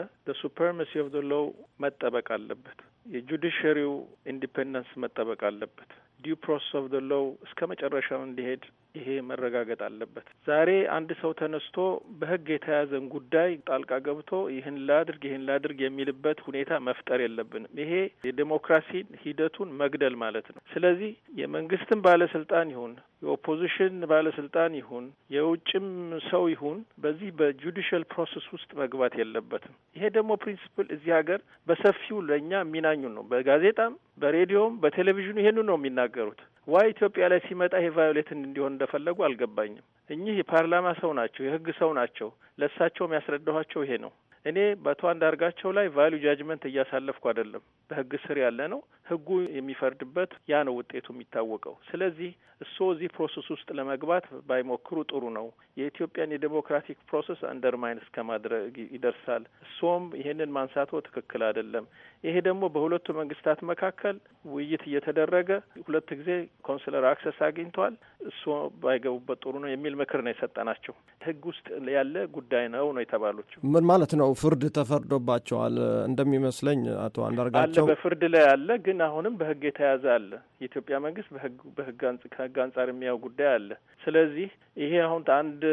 [SPEAKER 3] ሱፐርማሲ ኦፍ ዘ ሎው መጠበቅ አለበት። የጁዲሽሪው ኢንዲፔንደንስ መጠበቅ አለበት። ዲው ፕሮሰስ ኦፍ ዘ ሎው እስከ መጨረሻው እንዲሄድ ይሄ መረጋገጥ አለበት። ዛሬ አንድ ሰው ተነስቶ በህግ የተያዘን ጉዳይ ጣልቃ ገብቶ ይህን ላድርግ ይህን ላድርግ የሚልበት ሁኔታ መፍጠር የለብንም። ይሄ የዴሞክራሲን ሂደቱን መግደል ማለት ነው። ስለዚህ የመንግስትም ባለስልጣን ይሁን የኦፖዚሽን ባለስልጣን ይሁን የውጭም ሰው ይሁን በዚህ በጁዲሽል ፕሮሰስ ውስጥ መግባት የለበትም። ይሄ ደግሞ ፕሪንሲፕል እዚህ ሀገር በሰፊው ለእኛ የሚናኙን ነው። በጋዜጣም፣ በሬዲዮም፣ በቴሌቪዥኑ ይሄኑ ነው የሚናገሩት። ዋይ ኢትዮጵያ ላይ ሲመጣ ይሄ ቫዮሌትን እንዲሆን እንደፈለጉ አልገባኝም። እኚህ የፓርላማ ሰው ናቸው፣ የህግ ሰው ናቸው። ለእሳቸውም ያስረዳኋቸው ይሄ ነው። እኔ በአቶ አንዳርጋቸው ላይ ቫሊዩ ጃጅመንት እያሳለፍኩ አይደለም። በህግ ስር ያለ ነው። ህጉ የሚፈርድበት ያ ነው፣ ውጤቱ የሚታወቀው። ስለዚህ እሶ እዚህ ፕሮሰስ ውስጥ ለመግባት ባይሞክሩ ጥሩ ነው። የኢትዮጵያን የዴሞክራቲክ ፕሮሰስ አንደርማይን እስከ ማድረግ ይደርሳል። እሶም ይሄንን ማንሳቶ ትክክል አይደለም። ይሄ ደግሞ በሁለቱ መንግስታት መካከል ውይይት እየተደረገ ሁለት ጊዜ ኮንስለር አክሰስ አግኝተዋል። እሶ ባይገቡበት ጥሩ ነው የሚል ምክር ነው የሰጠናቸው። ህግ ውስጥ ያለ ጉዳይ ነው ነው የተባሉት
[SPEAKER 9] ምን ማለት ነው? ፍርድ ተፈርዶባቸዋል እንደሚመስለኝ። አቶ አንዳርጋቸው
[SPEAKER 3] በፍርድ ላይ አለ፣ ግን አሁንም በህግ የተያዘ አለ። የኢትዮጵያ መንግስት በህግ በህግ ከህግ አንጻር የሚያው ጉዳይ አለ። ስለዚህ ይሄ አሁን አንድ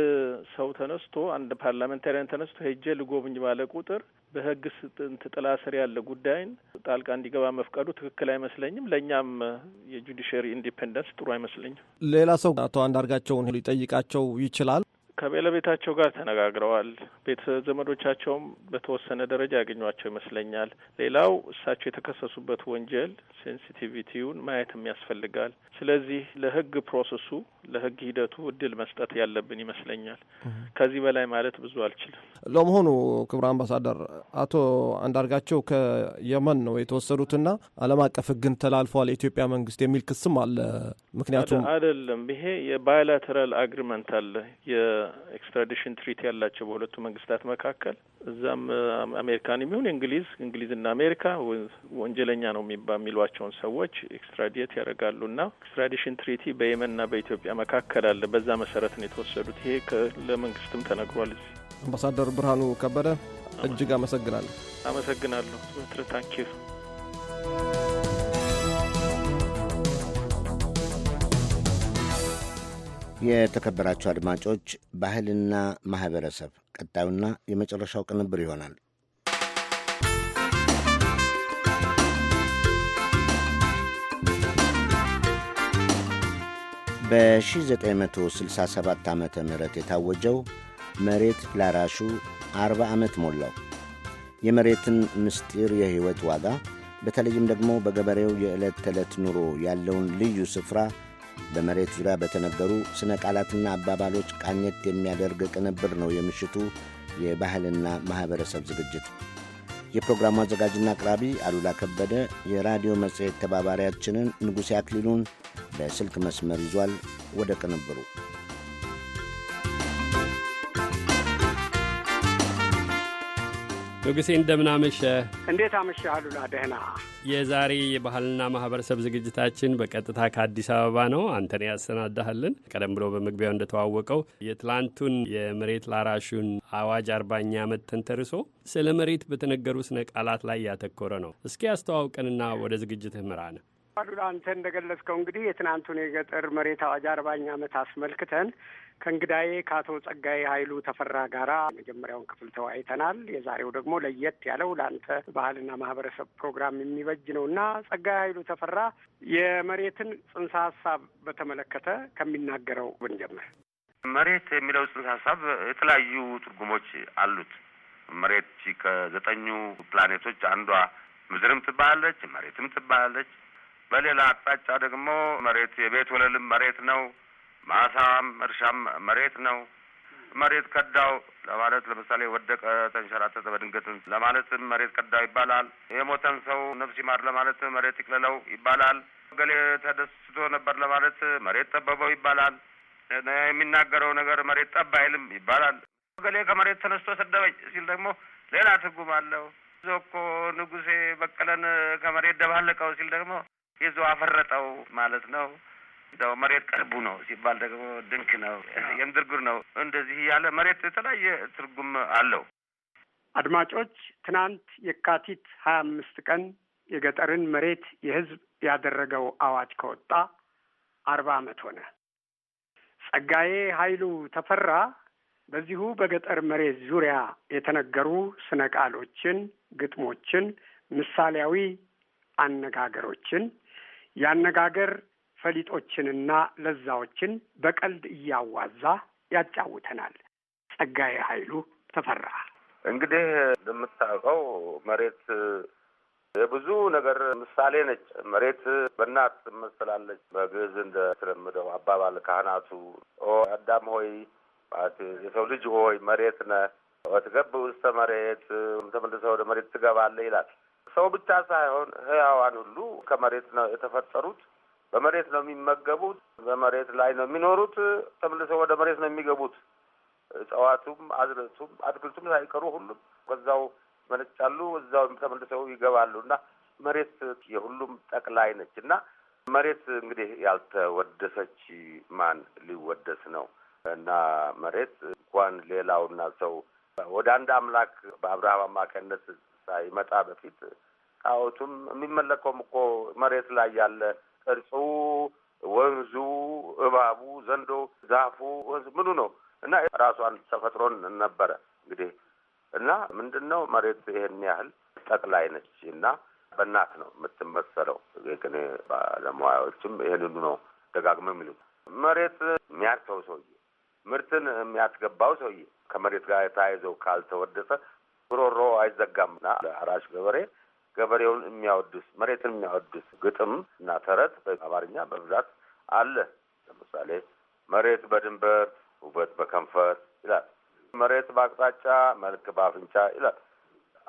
[SPEAKER 3] ሰው ተነስቶ አንድ ፓርላሜንታሪያን ተነስቶ ሄጄ ልጎብኝ ባለ ቁጥር በህግ ጥላ ስር ያለ ጉዳይን ጣልቃ እንዲገባ መፍቀዱ ትክክል አይመስለኝም። ለእኛም የጁዲሽሪ ኢንዲፔንደንስ ጥሩ አይመስለኝም።
[SPEAKER 9] ሌላ ሰው አቶ አንዳርጋቸውን ሊጠይቃቸው ይችላል።
[SPEAKER 3] ከባለቤታቸው ጋር ተነጋግረዋል። ቤተሰብ ዘመዶቻቸውም በተወሰነ ደረጃ ያገኟቸው ይመስለኛል። ሌላው እሳቸው የተከሰሱበት ወንጀል ሴንሲቲቪቲውን ማየትም ያስፈልጋል። ስለዚህ ለህግ ፕሮሰሱ ለህግ ሂደቱ እድል መስጠት ያለብን ይመስለኛል። ከዚህ በላይ ማለት ብዙ አልችልም።
[SPEAKER 9] ለመሆኑ ክቡር አምባሳደር አቶ አንዳርጋቸው ከየመን ነው የተወሰዱትና ዓለም አቀፍ ህግን ተላልፈዋል የኢትዮጵያ መንግስት የሚል ክስም አለ። ምክንያቱም
[SPEAKER 3] አይደለም ይሄ የባይላተራል አግሪመንት አለ ኤክስትራዲሽን ትሪቲ ያላቸው በሁለቱ መንግስታት መካከል እዛም አሜሪካን የሚሆን እንግሊዝ እንግሊዝና አሜሪካ ወንጀለኛ ነው የሚባ የሚሏቸውን ሰዎች ኤክስትራዲየት ያደርጋሉ ና ኤክስትራዲሽን ትሪቲ በየመን ና በኢትዮጵያ መካከል አለ። በዛ መሰረት ነው የተወሰዱት። ይሄ ለመንግስትም ተነግሯል።
[SPEAKER 9] እዚህ አምባሳደር ብርሃኑ ከበደ እጅግ አመሰግናለሁ።
[SPEAKER 3] አመሰግናለሁ you.
[SPEAKER 2] የተከበራቸው አድማጮች ባህልና ማህበረሰብ ቀጣዩና የመጨረሻው ቅንብር ይሆናል። በ1967 ዓ ም የታወጀው መሬት ላራሹ 40 ዓመት ሞላው። የመሬትን ምስጢር የሕይወት ዋጋ፣ በተለይም ደግሞ በገበሬው የዕለት ተዕለት ኑሮ ያለውን ልዩ ስፍራ በመሬት ዙሪያ በተነገሩ ስነ ቃላትና አባባሎች ቃኘት የሚያደርግ ቅንብር ነው የምሽቱ የባህልና ማኅበረሰብ ዝግጅት። የፕሮግራሙ አዘጋጅና አቅራቢ አሉላ ከበደ፣ የራዲዮ መጽሔት ተባባሪያችንን ንጉሴ አክሊሉን በስልክ መስመር ይዟል። ወደ ቅንብሩ
[SPEAKER 3] ንጉሴ እንደምናመሸ
[SPEAKER 12] እንዴት አመሸ አሉላ ደህና
[SPEAKER 3] የዛሬ የባህልና ማህበረሰብ ዝግጅታችን በቀጥታ ከአዲስ አበባ ነው አንተን ያሰናዳህልን ቀደም ብሎ በመግቢያው እንደተዋወቀው የትላንቱን የመሬት ላራሹን አዋጅ አርባኛ ዓመት ተንተርሶ ስለ መሬት በተነገሩ ስነ ቃላት ላይ ያተኮረ ነው እስኪ አስተዋውቀንና ወደ ዝግጅትህ ምራን
[SPEAKER 12] አሉላ አንተ እንደገለጽከው እንግዲህ የትናንቱን የገጠር መሬት አዋጅ አርባኛ ዓመት አስመልክተን ከእንግዳዬ ከአቶ ጸጋዬ ኃይሉ ተፈራ ጋራ የመጀመሪያውን ክፍል ተወያይተናል። የዛሬው ደግሞ ለየት ያለው ለአንተ ባህልና ማህበረሰብ ፕሮግራም የሚበጅ ነው እና ጸጋዬ ኃይሉ ተፈራ የመሬትን ጽንሰ ሀሳብ በተመለከተ ከሚናገረው ብንጀምር።
[SPEAKER 8] መሬት የሚለው ጽንሰ ሀሳብ የተለያዩ ትርጉሞች አሉት። መሬት ከዘጠኙ ፕላኔቶች አንዷ ምድርም ትባላለች፣ መሬትም ትባላለች። በሌላ አቅጣጫ ደግሞ መሬት የቤት ወለልም መሬት ነው ማሳም እርሻም መሬት ነው። መሬት ከዳው ለማለት ለምሳሌ ወደቀ፣ ተንሸራተተ በድንገት ለማለትም መሬት ከዳው ይባላል። የሞተን ሰው ነፍስ ይማር ለማለት መሬት ይቅለለው ይባላል። ገሌ ተደስቶ ነበር ለማለት መሬት ጠበበው ይባላል። የሚናገረው ነገር መሬት ጠብ አይልም ይባላል። ገሌ ከመሬት ተነስቶ ሰደበኝ ሲል ደግሞ ሌላ ትርጉም አለው። ይዞ እኮ ንጉሴ በቀለን ከመሬት ደባለቀው ሲል ደግሞ ይዞ አፈረጠው ማለት ነው። መሬት ቀልቡ ነው ሲባል ደግሞ ድንክ ነው፣ የምድር ነው። እንደዚህ ያለ መሬት የተለያየ ትርጉም አለው።
[SPEAKER 12] አድማጮች ትናንት የካቲት ሀያ አምስት ቀን የገጠርን መሬት የህዝብ ያደረገው አዋጅ ከወጣ አርባ ዓመት ሆነ። ጸጋዬ ኃይሉ ተፈራ በዚሁ በገጠር መሬት ዙሪያ የተነገሩ ስነ ቃሎችን፣ ግጥሞችን፣ ምሳሌያዊ አነጋገሮችን የአነጋገር ፈሊጦችንና ለዛዎችን በቀልድ እያዋዛ ያጫውተናል። ጸጋዬ ኃይሉ ተፈራ።
[SPEAKER 8] እንግዲህ እንደምታውቀው መሬት የብዙ ነገር ምሳሌ ነች። መሬት በእናት ትመስላለች። በግዕዝ እንደተለመደው አባባል ካህናቱ ኦ አዳም ሆይ የሰው ልጅ ሆይ መሬት ነህ ወትገብ ውስተ መሬት ተመልሰ ወደ መሬት ትገባለህ ይላል። ሰው ብቻ ሳይሆን ሕያዋን ሁሉ ከመሬት ነው የተፈጠሩት። በመሬት ነው የሚመገቡት፣ በመሬት ላይ ነው የሚኖሩት፣ ተመልሰው ወደ መሬት ነው የሚገቡት። እጽዋቱም፣ አዝርቱም፣ አትክልቱም ሳይቀሩ ሁሉም በዛው መነጫሉ፣ እዛው ተመልሰው ይገባሉ እና መሬት የሁሉም ጠቅላይ ነች እና መሬት እንግዲህ ያልተወደሰች ማን ሊወደስ ነው? እና መሬት እንኳን ሌላውና ሰው ወደ አንድ አምላክ በአብርሃም አማካኝነት ሳይመጣ በፊት ጣዖቱም የሚመለከውም እኮ መሬት ላይ ያለ ቅርጹ፣ ወንዙ፣ እባቡ፣ ዘንዶ፣ ዛፉ፣ ምኑ ነው እና ራሷን ተፈጥሮን ነበረ እንግዲህ እና ምንድን ነው መሬት ይሄን ያህል ጠቅላይ ነች እና በእናት ነው የምትመሰለው። ግን ባለሙያዎችም ይህንኑ ነው ደጋግመው የሚሉት። መሬት የሚያርሰው ሰውዬ፣ ምርትን የሚያስገባው ሰውዬ ከመሬት ጋር የተያይዘው ካልተወደሰ ጉሮሮ አይዘጋምና ለአራሽ ገበሬ ገበሬውን የሚያወድስ መሬትን የሚያወድስ ግጥም እና ተረት በአማርኛ በብዛት አለ። ለምሳሌ መሬት በድንበር ውበት በከንፈር ይላል። መሬት በአቅጣጫ መልክ በአፍንጫ ይላል።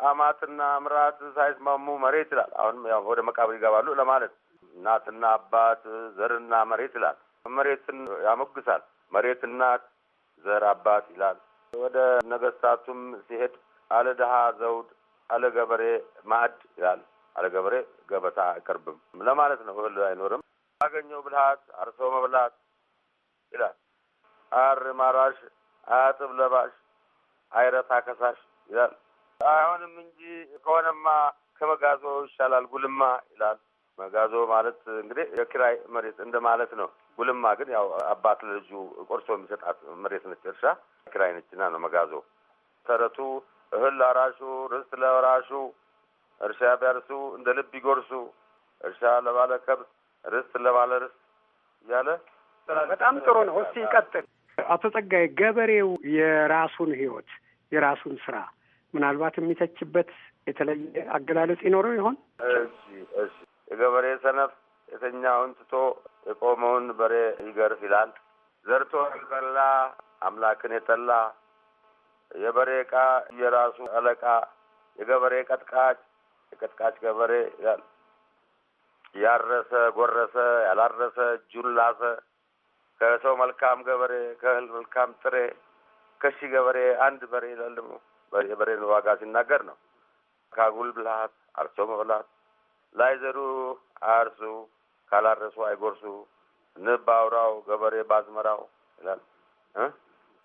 [SPEAKER 8] አማትና ምራት ሳይስማሙ መሬት ይላል። አሁን ያው ወደ መቃብር ይገባሉ ለማለት እናትና አባት ዘርና መሬት ይላል። መሬትን ያሞግሳል። መሬት እናት ዘር አባት ይላል። ወደ ነገስታቱም ሲሄድ አለ ዘውድ አለገበሬ ማዕድ ይላል። አለገበሬ ገበታ አይቀርብም ለማለት ነው። እህል አይኖርም። አገኘው ብልሃት አርሶ መብላት ይላል። አር ማራሽ አያጥብ ለባሽ አይረታ ከሳሽ ይላል። አይሆንም እንጂ ከሆነማ ከመጋዞ ይሻላል ጉልማ ይላል። መጋዞ ማለት እንግዲህ የኪራይ መሬት እንደማለት ነው። ጉልማ ግን ያው አባት ለልጁ ቆርሶ የሚሰጣት መሬት ነች። እርሻ ኪራይ ነችና ነው መጋዞ ተረቱ እህል ላራሹ፣ ርስት ለራሹ፣ እርሻ ቢያርሱ እንደ ልብ ይጎርሱ፣ እርሻ ለባለ ከብት፣ ርስት ለባለ ርስት እያለ በጣም ጥሩ ነው። እስቲ ይቀጥል
[SPEAKER 12] አቶ ጸጋይ። ገበሬው የራሱን ህይወት የራሱን ስራ ምናልባት የሚተችበት የተለየ አገላለጽ ይኖረው ይሆን?
[SPEAKER 8] እሺ፣ እሺ። የገበሬ ሰነፍ የተኛውን ትቶ የቆመውን በሬ ይገርፍ ይላል። ዘርቶ ያልበላ አምላክን የጠላ የበሬ እቃ የራሱ አለቃ፣ የገበሬ ቀጥቃጭ፣ የቀጥቃጭ ገበሬ ይላል። ያረሰ ጎረሰ፣ ያላረሰ እጁን ላሰ። ከሰው መልካም ገበሬ፣ ከእህል መልካም ጥሬ፣ ከሺ ገበሬ አንድ በሬ ይላል። ደግሞ የበሬን ዋጋ ሲናገር ነው። ካጉል ብልሃት አርሶ መብላት፣ ላይዘሩ አያርሱ፣ ካላረሱ አይጎርሱ፣ ንብ አውራው ገበሬ ባዝመራው ይላል።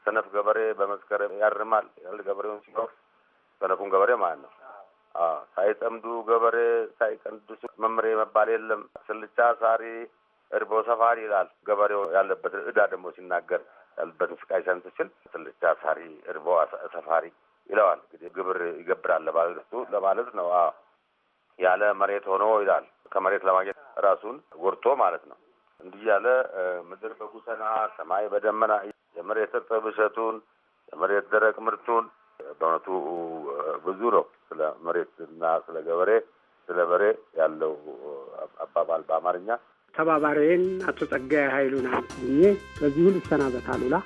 [SPEAKER 8] ሰነፍ ገበሬ በመስከረም ያርማል ያል ገበሬውን ሲኖር ሰነፉን ገበሬ ማለት ነው። ሳይጠምዱ ገበሬ ሳይቀንድሱ መምሬ መባል የለም። ስልቻ ሳሪ እርቦ ሰፋሪ ይላል። ገበሬው ያለበትን እዳ ደግሞ ሲናገር ያለበትን ስቃይ ሲያንስችል ስልቻ ሳሪ እርቦ ሰፋሪ ይለዋል። እንግዲህ ግብር ይገብራል ለባለሱ ለማለት ነው። ያለ መሬት ሆኖ ይላል። ከመሬት ለማግኘት ራሱን ጎድቶ ማለት ነው። እንዲህ ያለ ምድር በጉሰና ሰማይ በደመና የመሬት እርጥብ የመሬት ደረቅ ምርቱን በእውነቱ ብዙ ነው። ስለ መሬትና ስለ ገበሬ ስለ በሬ ያለው አባባል በአማርኛ
[SPEAKER 12] ተባባሪን አቶ ጸጋዬ ኃይሉን አመስግኜ በዚሁ ልሰናበት። አሉላ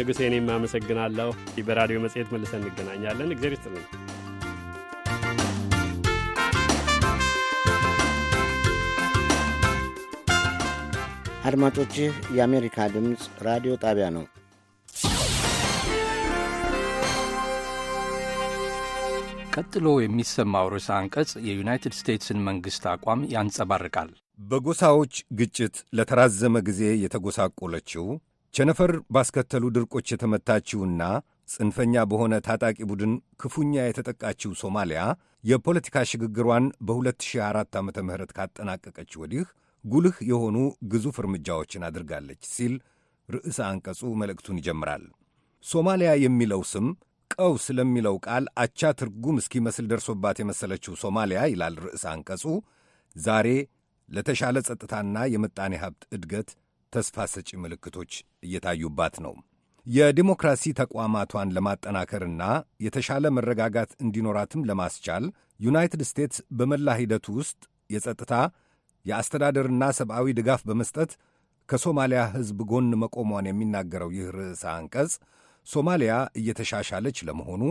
[SPEAKER 3] ንጉሴ፣ እኔም አመሰግናለሁ። በራዲዮ መጽሔት መልሰን
[SPEAKER 12] እንገናኛለን።
[SPEAKER 9] እግዚአብሔር ይስጥልኝ።
[SPEAKER 2] አድማጮች፣ የአሜሪካ ድምፅ ራዲዮ ጣቢያ ነው
[SPEAKER 3] ቀጥሎ የሚሰማው ርዕሰ አንቀጽ የዩናይትድ ስቴትስን መንግሥት
[SPEAKER 4] አቋም ያንጸባርቃል። በጎሳዎች ግጭት ለተራዘመ ጊዜ የተጎሳቆለችው ቸነፈር ባስከተሉ ድርቆች የተመታችውና ጽንፈኛ በሆነ ታጣቂ ቡድን ክፉኛ የተጠቃችው ሶማሊያ የፖለቲካ ሽግግሯን በ2004 ዓ ም ካጠናቀቀች ወዲህ ጉልህ የሆኑ ግዙፍ እርምጃዎችን አድርጋለች ሲል ርዕሰ አንቀጹ መልእክቱን ይጀምራል። ሶማሊያ የሚለው ስም ቀውስ ለሚለው ቃል አቻ ትርጉም እስኪመስል ደርሶባት የመሰለችው ሶማሊያ ይላል ርዕሰ አንቀጹ ዛሬ ለተሻለ ጸጥታና የምጣኔ ሀብት እድገት ተስፋ ሰጪ ምልክቶች እየታዩባት ነው። የዲሞክራሲ ተቋማቷን ለማጠናከርና የተሻለ መረጋጋት እንዲኖራትም ለማስቻል ዩናይትድ ስቴትስ በመላ ሂደቱ ውስጥ የጸጥታ የአስተዳደርና ሰብአዊ ድጋፍ በመስጠት ከሶማሊያ ሕዝብ ጎን መቆሟን የሚናገረው ይህ ርዕሰ አንቀጽ ሶማሊያ እየተሻሻለች ለመሆኑ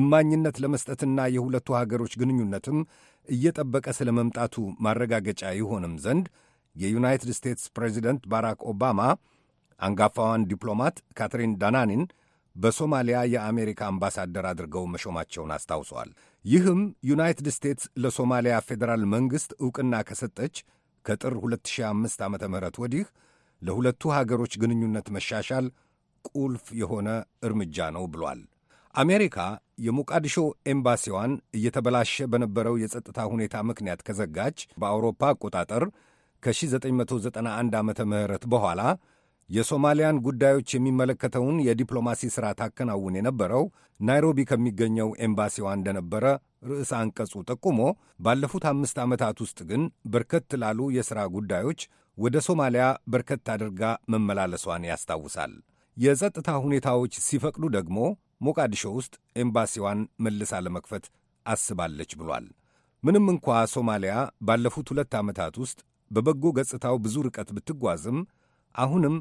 [SPEAKER 4] እማኝነት ለመስጠትና የሁለቱ ሀገሮች ግንኙነትም እየጠበቀ ስለ መምጣቱ ማረጋገጫ ይሆንም ዘንድ የዩናይትድ ስቴትስ ፕሬዚደንት ባራክ ኦባማ አንጋፋዋን ዲፕሎማት ካትሪን ዳናኒን በሶማሊያ የአሜሪካ አምባሳደር አድርገው መሾማቸውን አስታውሰዋል። ይህም ዩናይትድ ስቴትስ ለሶማሊያ ፌዴራል መንግሥት ዕውቅና ከሰጠች ከጥር 2005 ዓ ም ወዲህ ለሁለቱ ሀገሮች ግንኙነት መሻሻል ቁልፍ የሆነ እርምጃ ነው ብሏል። አሜሪካ የሞቃዲሾ ኤምባሲዋን እየተበላሸ በነበረው የጸጥታ ሁኔታ ምክንያት ከዘጋች በአውሮፓ አቆጣጠር ከ1991 ዓ ም በኋላ የሶማሊያን ጉዳዮች የሚመለከተውን የዲፕሎማሲ ሥራ ታከናውን የነበረው ናይሮቢ ከሚገኘው ኤምባሲዋ እንደነበረ ርዕሰ አንቀጹ ጠቁሞ ባለፉት አምስት ዓመታት ውስጥ ግን በርከት ላሉ የሥራ ጉዳዮች ወደ ሶማሊያ በርከት አድርጋ መመላለሷን ያስታውሳል። የጸጥታ ሁኔታዎች ሲፈቅዱ ደግሞ ሞቃዲሾ ውስጥ ኤምባሲዋን መልሳ ለመክፈት አስባለች ብሏል። ምንም እንኳ ሶማሊያ ባለፉት ሁለት ዓመታት ውስጥ በበጎ ገጽታው ብዙ ርቀት ብትጓዝም አሁንም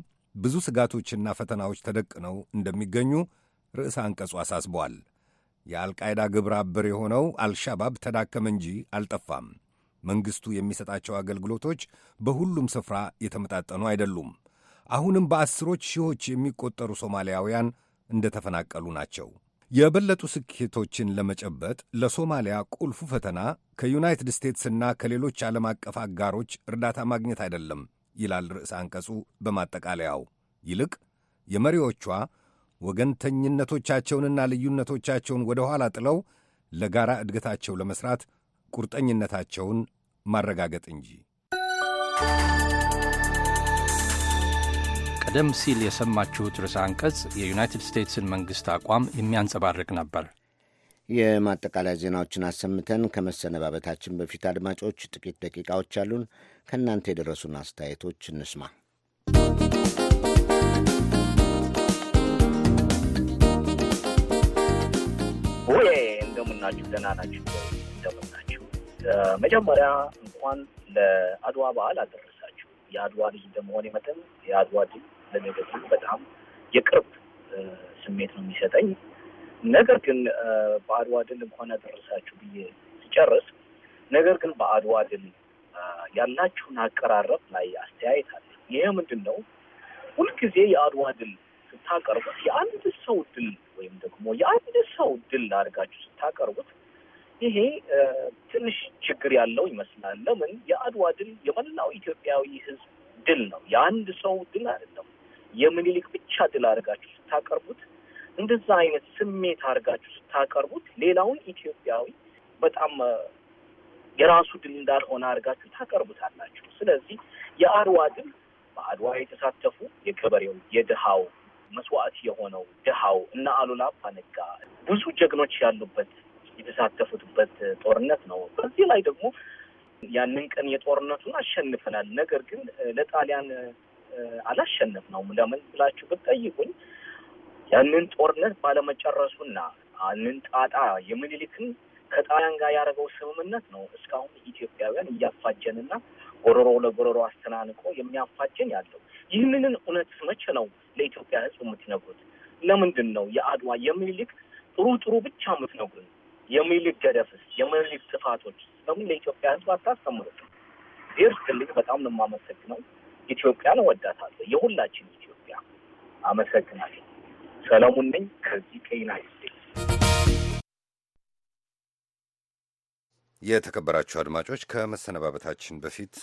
[SPEAKER 4] ብዙ ስጋቶችና ፈተናዎች ተደቅነው እንደሚገኙ ርዕሰ አንቀጹ አሳስበዋል። የአልቃይዳ ግብረ አበር የሆነው አልሻባብ ተዳከመ እንጂ አልጠፋም። መንግሥቱ የሚሰጣቸው አገልግሎቶች በሁሉም ስፍራ የተመጣጠኑ አይደሉም። አሁንም በአስሮች ሺዎች የሚቆጠሩ ሶማሊያውያን እንደተፈናቀሉ ናቸው። የበለጡ ስኬቶችን ለመጨበጥ ለሶማሊያ ቁልፉ ፈተና ከዩናይትድ ስቴትስና ከሌሎች ዓለም አቀፍ አጋሮች እርዳታ ማግኘት አይደለም ይላል ርዕሰ አንቀጹ በማጠቃለያው። ይልቅ የመሪዎቿ ወገንተኝነቶቻቸውንና ልዩነቶቻቸውን ወደ ኋላ ጥለው ለጋራ እድገታቸው ለመሥራት ቁርጠኝነታቸውን ማረጋገጥ
[SPEAKER 3] እንጂ ቀደም ሲል የሰማችሁት ርዕሰ አንቀጽ የዩናይትድ ስቴትስን መንግሥት አቋም የሚያንጸባርቅ ነበር።
[SPEAKER 2] የማጠቃለያ ዜናዎችን አሰምተን ከመሰነባበታችን በፊት አድማጮች ጥቂት ደቂቃዎች አሉን። ከእናንተ የደረሱን አስተያየቶች እንስማ።
[SPEAKER 7] ወይ እንደምናችሁ፣ ደህና ናችሁ? እንደምናችሁ። መጀመሪያ እንኳን ለአድዋ በዓል አደረሳችሁ። የአድዋ ልጅ እንደመሆን መጠን የአድዋ ድል ለሌሎችም በጣም የቅርብ ስሜት ነው የሚሰጠኝ። ነገር ግን በአድዋ ድል እንኳን ያደረሳችሁ ብዬ ሲጨርስ፣ ነገር ግን በአድዋ ድል ያላችሁን አቀራረብ ላይ አስተያየት አለ። ይሄ ምንድን ነው? ሁልጊዜ የአድዋ ድል ስታቀርቡት የአንድ ሰው ድል ወይም ደግሞ የአንድ ሰው ድል አድርጋችሁ ስታቀርቡት ይሄ ትንሽ ችግር ያለው ይመስላል። ለምን? የአድዋ ድል የመላው ኢትዮጵያዊ ሕዝብ ድል ነው፣ የአንድ ሰው ድል አይደለም። የምኒልክ ብቻ ድል አድርጋችሁ ስታቀርቡት እንደዛ አይነት ስሜት አድርጋችሁ ስታቀርቡት ሌላውን ኢትዮጵያዊ በጣም የራሱ ድል እንዳልሆነ አድርጋችሁ ታቀርቡታላችሁ። ስለዚህ የአድዋ ድል በአድዋ የተሳተፉ የገበሬው፣ የድሃው መስዋዕት የሆነው ድሃው እና አሉላ ፓነጋ ብዙ ጀግኖች ያሉበት የተሳተፉትበት ጦርነት ነው። በዚህ ላይ ደግሞ ያንን ቀን የጦርነቱን አሸንፈናል። ነገር ግን ለጣሊያን አላሸነፍ ነው። ለምን ብላችሁ ብትጠይቁኝ ያንን ጦርነት ባለመጨረሱና አንን ጣጣ የምኒልክን ከጣሊያን ጋር ያደረገው ስምምነት ነው እስካሁን ኢትዮጵያውያን እያፋጀንና ጎረሮ ለጎረሮ አስተናንቆ የሚያፋጀን ያለው። ይህንን እውነት መቼ ነው ለኢትዮጵያ ሕዝብ የምትነግሩት? ለምንድን ነው የአድዋ የሚኒልክ ጥሩ ጥሩ ብቻ የምትነግሩን? የሚኒልክ ገደፍስ፣ የሚኒልክ ጥፋቶች ለምን ለኢትዮጵያ ሕዝብ አታስተምሩት? ትልቅ በጣም ነው የማመሰግነው። ኢትዮጵያን እወዳታለሁ። የሁላችን ኢትዮጵያ። አመሰግናለሁ። ሰለሞን ነኝ ከዚህ ከዩናይትድ ስቴትስ።
[SPEAKER 4] የተከበራችሁ አድማጮች ከመሰነባበታችን በፊት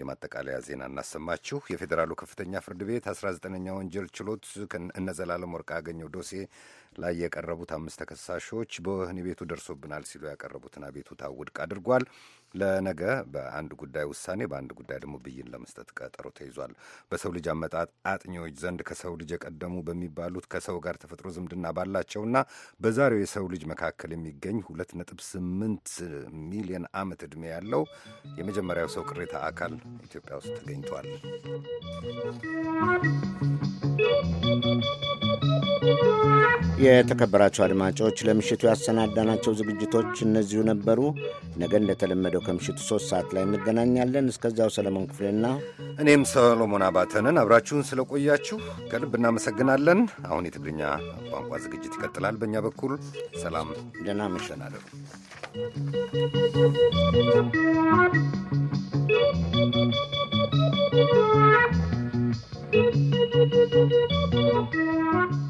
[SPEAKER 4] የማጠቃለያ ዜና እናሰማችሁ። የፌዴራሉ ከፍተኛ ፍርድ ቤት 19ኛ ወንጀል ችሎት እነ ዘላለም ወርቅ ያገኘው ዶሴ ላይ የቀረቡት አምስት ተከሳሾች በወህኒ ቤቱ ደርሶብናል ሲሉ ያቀረቡትን አቤቱታ ውድቅ አድርጓል። ለነገ በአንድ ጉዳይ ውሳኔ፣ በአንድ ጉዳይ ደግሞ ብይን ለመስጠት ቀጠሮ ተይዟል። በሰው ልጅ አመጣጥ አጥኚዎች ዘንድ ከሰው ልጅ የቀደሙ በሚባሉት ከሰው ጋር ተፈጥሮ ዝምድና ባላቸውና በዛሬው የሰው ልጅ መካከል የሚገኝ ስምንት ሚሊዮን ዓመት ዕድሜ ያለው የመጀመሪያው ሰው ቅሬታ አካል ኢትዮጵያ ውስጥ ተገኝቷል።
[SPEAKER 2] የተከበራቸው አድማጮች ለምሽቱ ያሰናዳናቸው ዝግጅቶች እነዚሁ ነበሩ። ነገ እንደተለመደው ከምሽቱ ሶስት ሰዓት ላይ እንገናኛለን። እስከዚያው ሰለሞን ክፍሌና እኔም ሰሎሞን አባተንን አብራችሁን ስለቆያችሁ
[SPEAKER 4] ከልብ እናመሰግናለን። አሁን የትግርኛ ቋንቋ ዝግጅት ይቀጥላል። በእኛ በኩል ሰላም፣
[SPEAKER 2] ደህና ምሽን
[SPEAKER 1] Thank you.